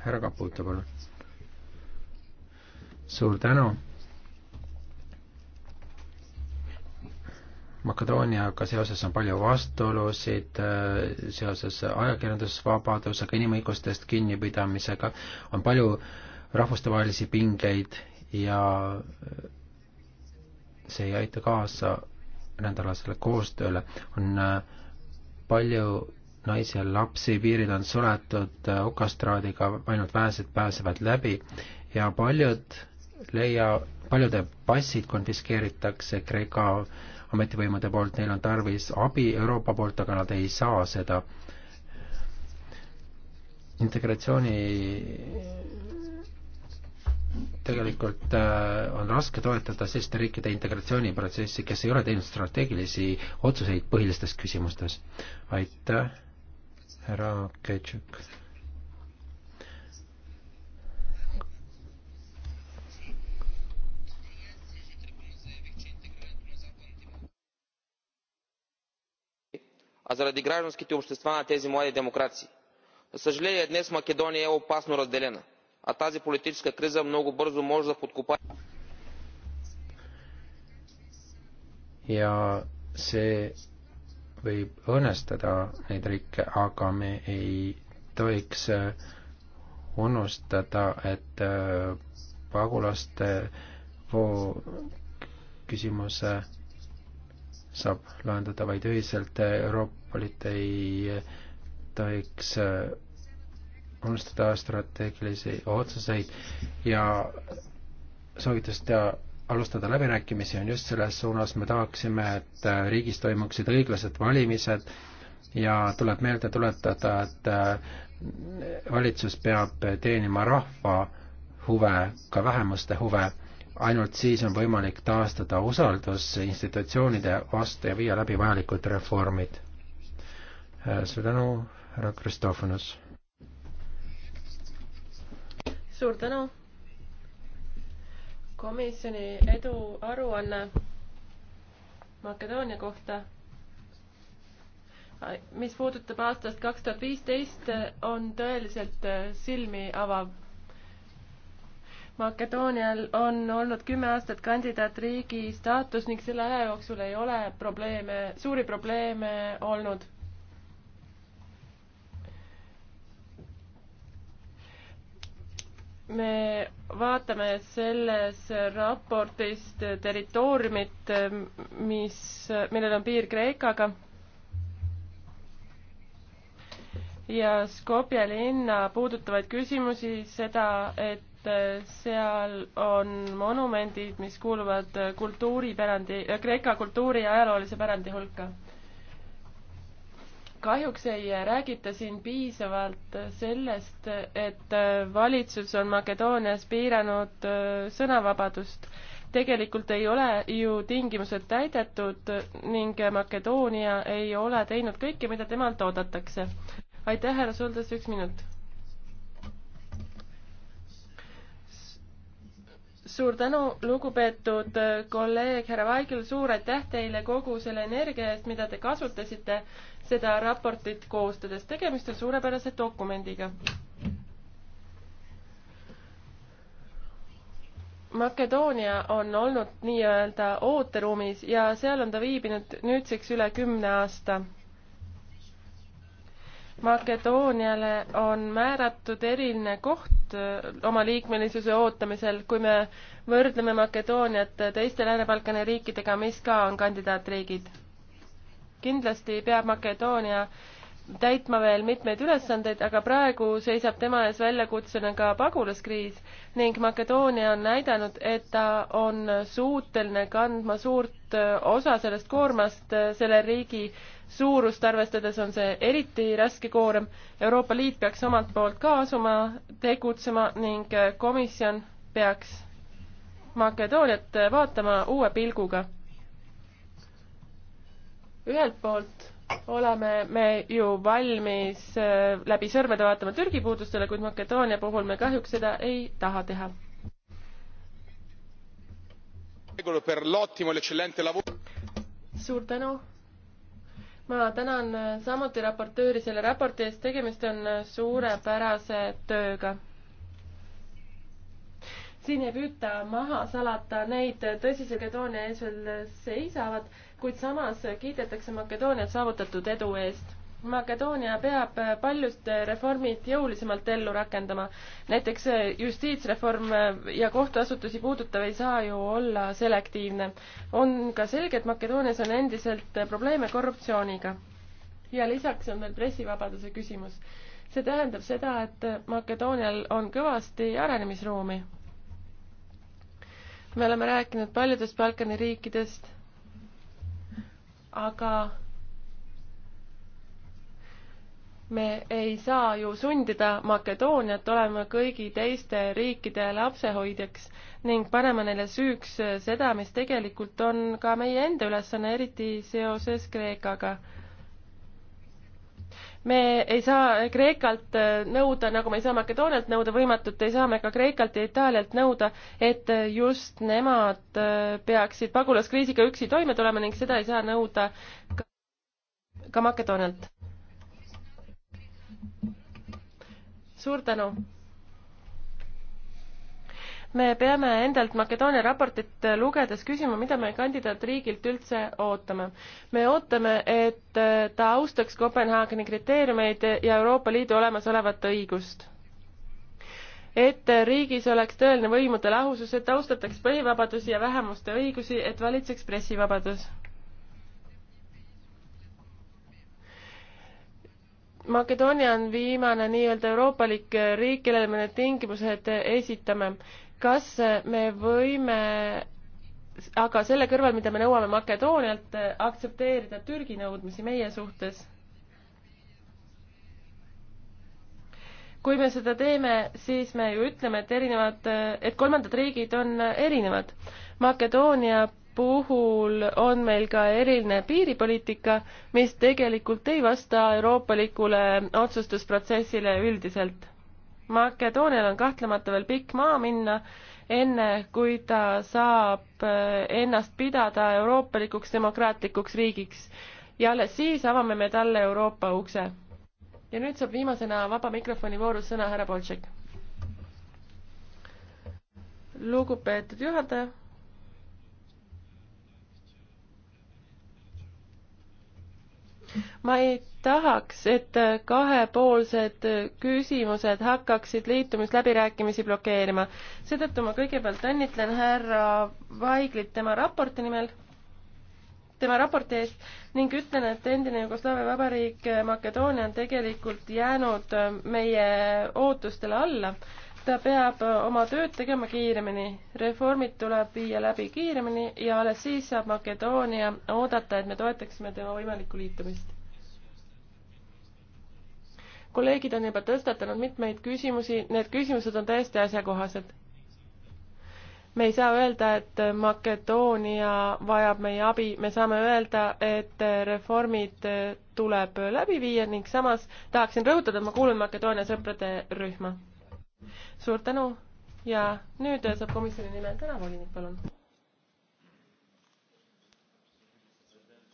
härra Kaputa, palun. suur tänu Makedooniaga seoses on palju vastuolusid, äh, seoses ajakirjandusvabadusega, inimõigustest kinnipidamisega, on palju rahvustevahelisi pingeid ja see ei aita kaasa rändalasele koostööle. on äh, palju naisi ja lapsi, piirid on suletud äh, okastraadiga, ainult vähesed pääsevad läbi ja paljud leia, paljude passid konfiskeeritakse Kreeka ametivõimude poolt, neil on tarvis abi Euroopa poolt, aga nad ei saa seda. integratsiooni tegelikult äh, on raske toetada selliste riikide integratsiooniprotsessi, kes ei ole teinud strateegilisi otsuseid põhilistes küsimustes. aitäh, härra Ketšuk. а заради гражданските общества на тези млади демокрации. за съжаление днес македония е опасно разделена а тази политическа криза много бързо може да подкопае. ja see võib õõnestada neid riike, aga me ei tohiks äh, unustada, et äh, pagulaste voo küsimuse saab lahendada vaid ühiselt äh, Euroopa politsei tohiks äh, unustada strateegilisi otsuseid ja soovitust ja alustada läbirääkimisi on just selles suunas, me tahaksime, et äh, riigis toimuksid õiglased valimised ja tuleb meelde tuletada, et äh, valitsus peab teenima rahva huve, ka vähemuste huve. ainult siis on võimalik taastada usaldus institutsioonide vastu ja viia läbi vajalikud reformid Äh, suur tänu, härra Kristofonos. suur tänu. komisjoni edu aruanne Makedoonia kohta mis puudutab aastast kaks tuhat viisteist, on tõeliselt äh, silmi avav. Makedoonial on olnud kümme aastat kandidaatriigi staatus ning selle aja jooksul ei ole probleeme, suuri probleeme olnud me vaatame selles raportist territooriumit, mis, millel on piir Kreekaga. ja Skopje linna puudutavaid küsimusi, seda, et seal on monumendid, mis kuuluvad kultuuripärandi, Kreeka kultuuri ja ajaloolise pärandi hulka kahjuks ei räägita siin piisavalt sellest, et valitsus on Makedoonias piiranud äh, sõnavabadust. tegelikult ei ole ju tingimused täidetud ning Makedoonia ei ole teinud kõike, mida temalt oodatakse. aitäh, härra Soldes, üks minut suur tänu, lugupeetud äh, kolleeg härra Vaigel, suur aitäh teile kogu selle energia eest, mida te kasutasite seda raportit koostades. tegemist on suurepärase dokumendiga. Makedoonia on olnud nii-öelda ooteruumis ja seal on ta viibinud nüüdseks üle kümne aasta. Makedooniale on määratud eriline koht liikmelisust, äh, oma liikmelisuse ootamisel, kui me võrdleme Makedooniat teiste Lääne-Balkani riikidega, mis ka on kandidaatriigid. kindlasti peab Makedoonia täitma veel mitmeid ülesandeid, aga praegu seisab tema ees väljakutsena ka pagulaskriis ning Makedoonia on näidanud, et ta on suuteline kandma suurt äh, osa sellest koormast, äh, selle riigi suurust arvestades on see eriti raske koorem. Euroopa Liit peaks omalt poolt ka asuma tegutsema ning äh, komisjon peaks Makedooniat vaatama uue pilguga. ühelt poolt oleme me ju valmis äh, läbi sõrmede vaatama Türgi puudustele, kuid Makedoonia puhul me kahjuks seda ei taha teha. suur tänu. ma tänan äh, samuti raportööri selle raporti eest, tegemist on äh, suurepärase tööga siin ei püüta maha salata neid tõsiseid Makedoonia ees veel seisavad kuid samas kiidetakse Makedooniat saavutatud edu eest. Makedoonia peab paljud reformid jõulisemalt ellu rakendama. näiteks justiitsreform ja kohtuasutusi puudutav ei saa ju olla selektiivne. on ka selge, et Makedoonias on endiselt probleeme korruptsiooniga. ja lisaks on veel pressivabaduse küsimus. see tähendab seda, et Makedoonial on kõvasti arenemisruumi. me oleme rääkinud paljudest Balkani riikidest aga me ei saa ju sundida Makedooniat olema kõigi teiste riikide lapsehoidjaks ning panema neile süüks seda, mis tegelikult on ka meie enda ülesanne, eriti seoses Kreekaga me ei saa Kreekalt äh, nõuda, nagu me ei saa Makedoonialt nõuda võimatut, ei saa me ka Kreekalt ja Itaalialt nõuda, et äh, just nemad äh, peaksid pagulaskriisiga üksi toime tulema ning seda ei saa nõuda ka, ka Makedoonialt. suur tänu! me peame endalt Makedoonia raportit lugedes küsima, mida me kandidaatriigilt üldse ootame. me ootame, et ta austaks Kopenhaageni kriteeriumeid ja Euroopa Liidu olemasolevat õigust et riigis oleks tõeline võimude lahusus, et austataks põhivabadusi ja vähemuste õigusi, et valitseks pressivabadus Makedoonia on viimane nii-öelda euroopalik riik, kellele me need tingimused esitame kas me võime aga selle kõrval, mida me nõuame Makedoonialt, aktsepteerida Türgi nõudmisi meie suhtes? kui me seda teeme, siis me ju ütleme, et erinevad, et kolmandad riigid on erinevad. Makedoonia puhul on meil ka eriline piiripoliitika, mis tegelikult ei vasta euroopalikule otsustusprotsessile üldiselt Makedoonial on kahtlemata veel pikk maa minna, enne kui ta saab eh, ennast pidada euroopalikuks demokraatlikuks riigiks ja alles siis avame me talle Euroopa ukse. ja nüüd saab viimasena vaba mikrofoni voorus sõna härra Boltšek. lugupeetud juhataja ma ei tahaks, et kahepoolsed küsimused hakkaksid liitumisläbirääkimisi blokeerima. seetõttu ma kõigepealt õnnitlen härra Vaiglit tema raporti nimel, tema raporti eest ning ütlen, et endine Jugoslaavia vabariik Makedoonia on tegelikult jäänud meie ootustele alla ta peab äh, oma tööd tegema kiiremini, reformid tuleb viia läbi kiiremini ja alles siis saab Makedoonia oodata, et me toetaksime tema võimalikku liitumist. kolleegid on juba tõstatanud mitmeid küsimusi, need küsimused on täiesti asjakohased. me ei saa öelda, et Makedoonia vajab meie abi, me saame öelda, et reformid äh, tuleb läbi viia ning samas tahaksin rõhutada, et ma kuulun Makedoonia sõprade rühma suur tänu ja nüüd saab komisjoni nimel täna volinik, palun.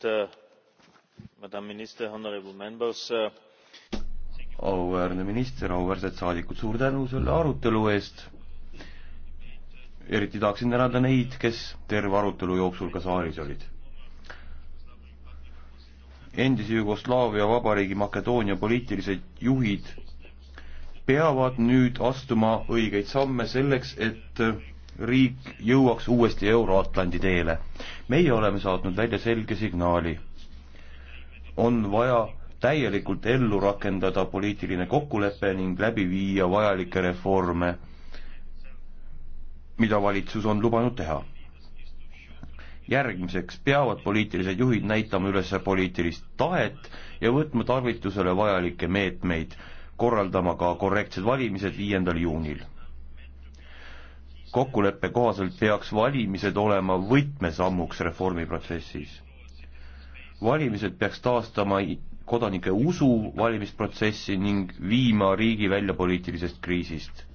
Äh, auväärne minister, auväärsed saadikud, suur tänu selle arutelu eest. eriti tahaksin tänada neid, kes terve arutelu jooksul ka saalis olid endise Jugoslaavia vabariigi Makedoonia poliitilised juhid peavad nüüd astuma õigeid samme selleks, et riik jõuaks uuesti Euro-Atlandi teele. meie oleme saatnud välja selge signaali. on vaja täielikult ellu rakendada poliitiline kokkulepe ning läbi viia vajalikke reforme, mida valitsus on lubanud teha. järgmiseks peavad poliitilised juhid näitama üles poliitilist tahet ja võtma tarvitusele vajalikke meetmeid korraldama ka korrektsed valimised viiendal juunil. kokkuleppe kohaselt peaks valimised olema võtmesammuks reformiprotsessis. valimised peaks taastama kodanike usu valimisprotsessi ning viima riigi välja poliitilisest kriisist.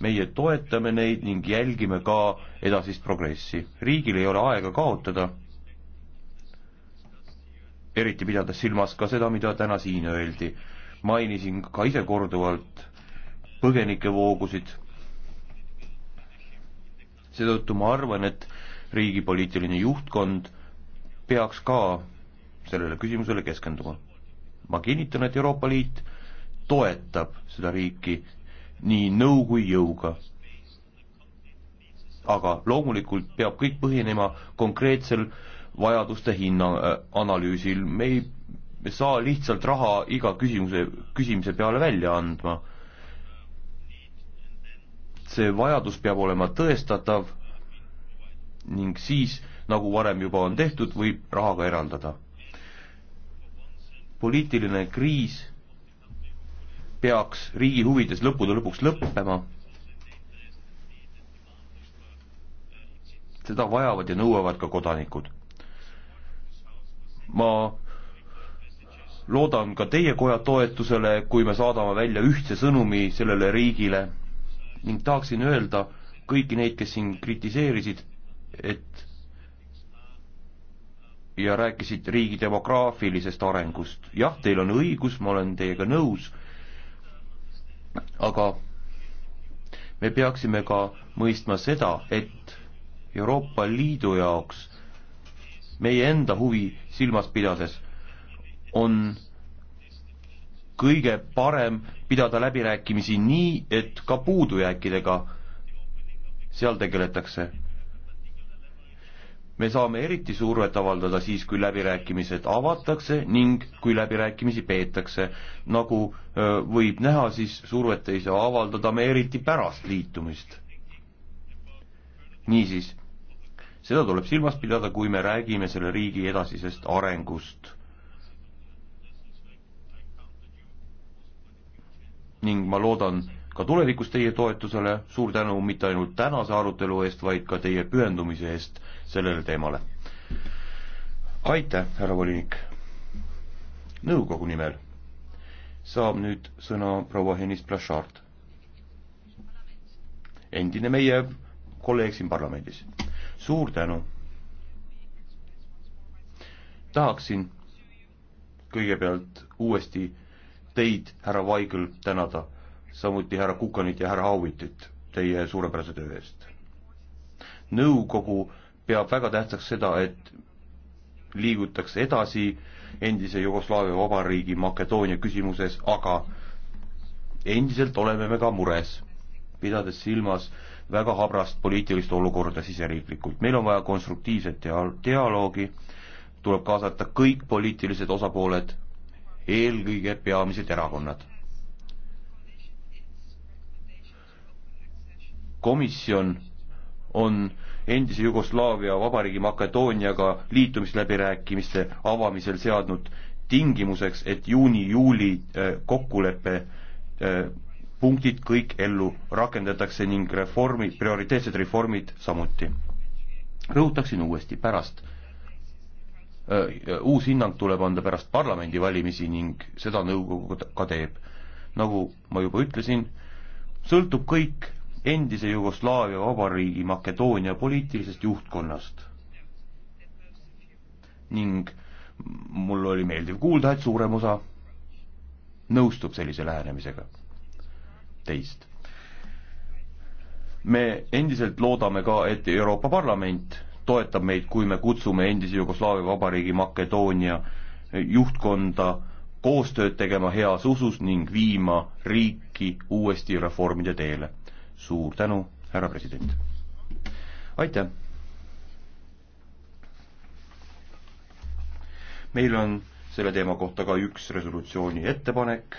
meie toetame neid ning jälgime ka edasist progressi. riigil ei ole aega kaotada eriti pidades silmas ka seda, mida täna siin öeldi mainisin ka ise korduvalt põgenikevoogusid. seetõttu ma arvan, et riigi poliitiline juhtkond peaks ka sellele küsimusele keskenduma. ma kinnitan, et Euroopa Liit toetab seda riiki nii nõu kui jõuga. aga loomulikult peab kõik põhinema konkreetsel vajaduste hinna äh, analüüsil, me ei saa lihtsalt raha iga küsimuse, küsimise peale välja andma. see vajadus peab olema tõestatav ning siis, nagu varem juba on tehtud, võib raha ka eraldada. poliitiline kriis peaks riigi huvides lõppude lõpuks lõppema. seda vajavad ja nõuavad ka kodanikud. ma loodan ka teie koja toetusele, kui me saadame välja ühtse sõnumi sellele riigile ning tahaksin öelda kõiki neid, kes siin kritiseerisid, et ja rääkisid riigi demograafilisest arengust. jah, teil on õigus, ma olen teiega nõus, aga me peaksime ka mõistma seda, et Euroopa Liidu jaoks meie enda huvi silmas pidades on kõige parem pidada läbirääkimisi nii, et ka puudujääkidega seal tegeletakse. me saame eriti survet avaldada siis, kui läbirääkimised avatakse ning kui läbirääkimisi peetakse. nagu võib näha, siis survet ei saa avaldada me eriti pärast liitumist. niisiis, seda tuleb silmas pidada, kui me räägime selle riigi edasisest arengust ning ma loodan ka tulevikus teie toetusele, suur tänu mitte ainult tänase arutelu eest, vaid ka teie pühendumise eest sellele teemale. aitäh, härra volinik. nõukogu nimel saab nüüd sõna proua Hennis Plachard, endine meie kolleeg siin parlamendis. suur tänu. tahaksin kõigepealt uuesti teid, härra Vaigel, tänada, samuti härra Kukanit ja härra Hauitit teie suurepärase töö eest. nõukogu peab väga tähtsaks seda, et liigutakse edasi endise Jugoslaavia vabariigi Makedoonia küsimuses, aga endiselt oleme me ka mures, pidades silmas väga habrast poliitilist olukorda siseriiklikult. meil on vaja konstruktiivset dia-, dialoogi, tuleb kaasata kõik poliitilised osapooled eelkõige peamised erakonnad. komisjon on endise Jugoslaavia vabariigi Makedooniaga liitumisläbirääkimiste avamisel seadnud tingimuseks, et juuni-juuli äh, kokkuleppe äh, punktid kõik ellu rakendatakse ning reformi, prioriteetsed reformid samuti. rõhutaksin uuesti, pärast Äh, äh, uus hinnang tuleb anda pärast parlamendivalimisi ning seda nõukogu ka teeb. nagu ma juba ütlesin, sõltub kõik endise Jugoslaavia vabariigi Makedoonia poliitilisest juhtkonnast. ning mul oli meeldiv kuulda, et suurem osa nõustub sellise lähenemisega. teist. me endiselt loodame ka, et Euroopa Parlament toetab meid, kui me kutsume endise Jugoslaavia Vabariigi Makedoonia juhtkonda koostööd tegema heas usus ning viima riiki uuesti reformide teele. suur tänu, härra president! aitäh! meil on selle teema kohta ka üks resolutsiooni ettepanek,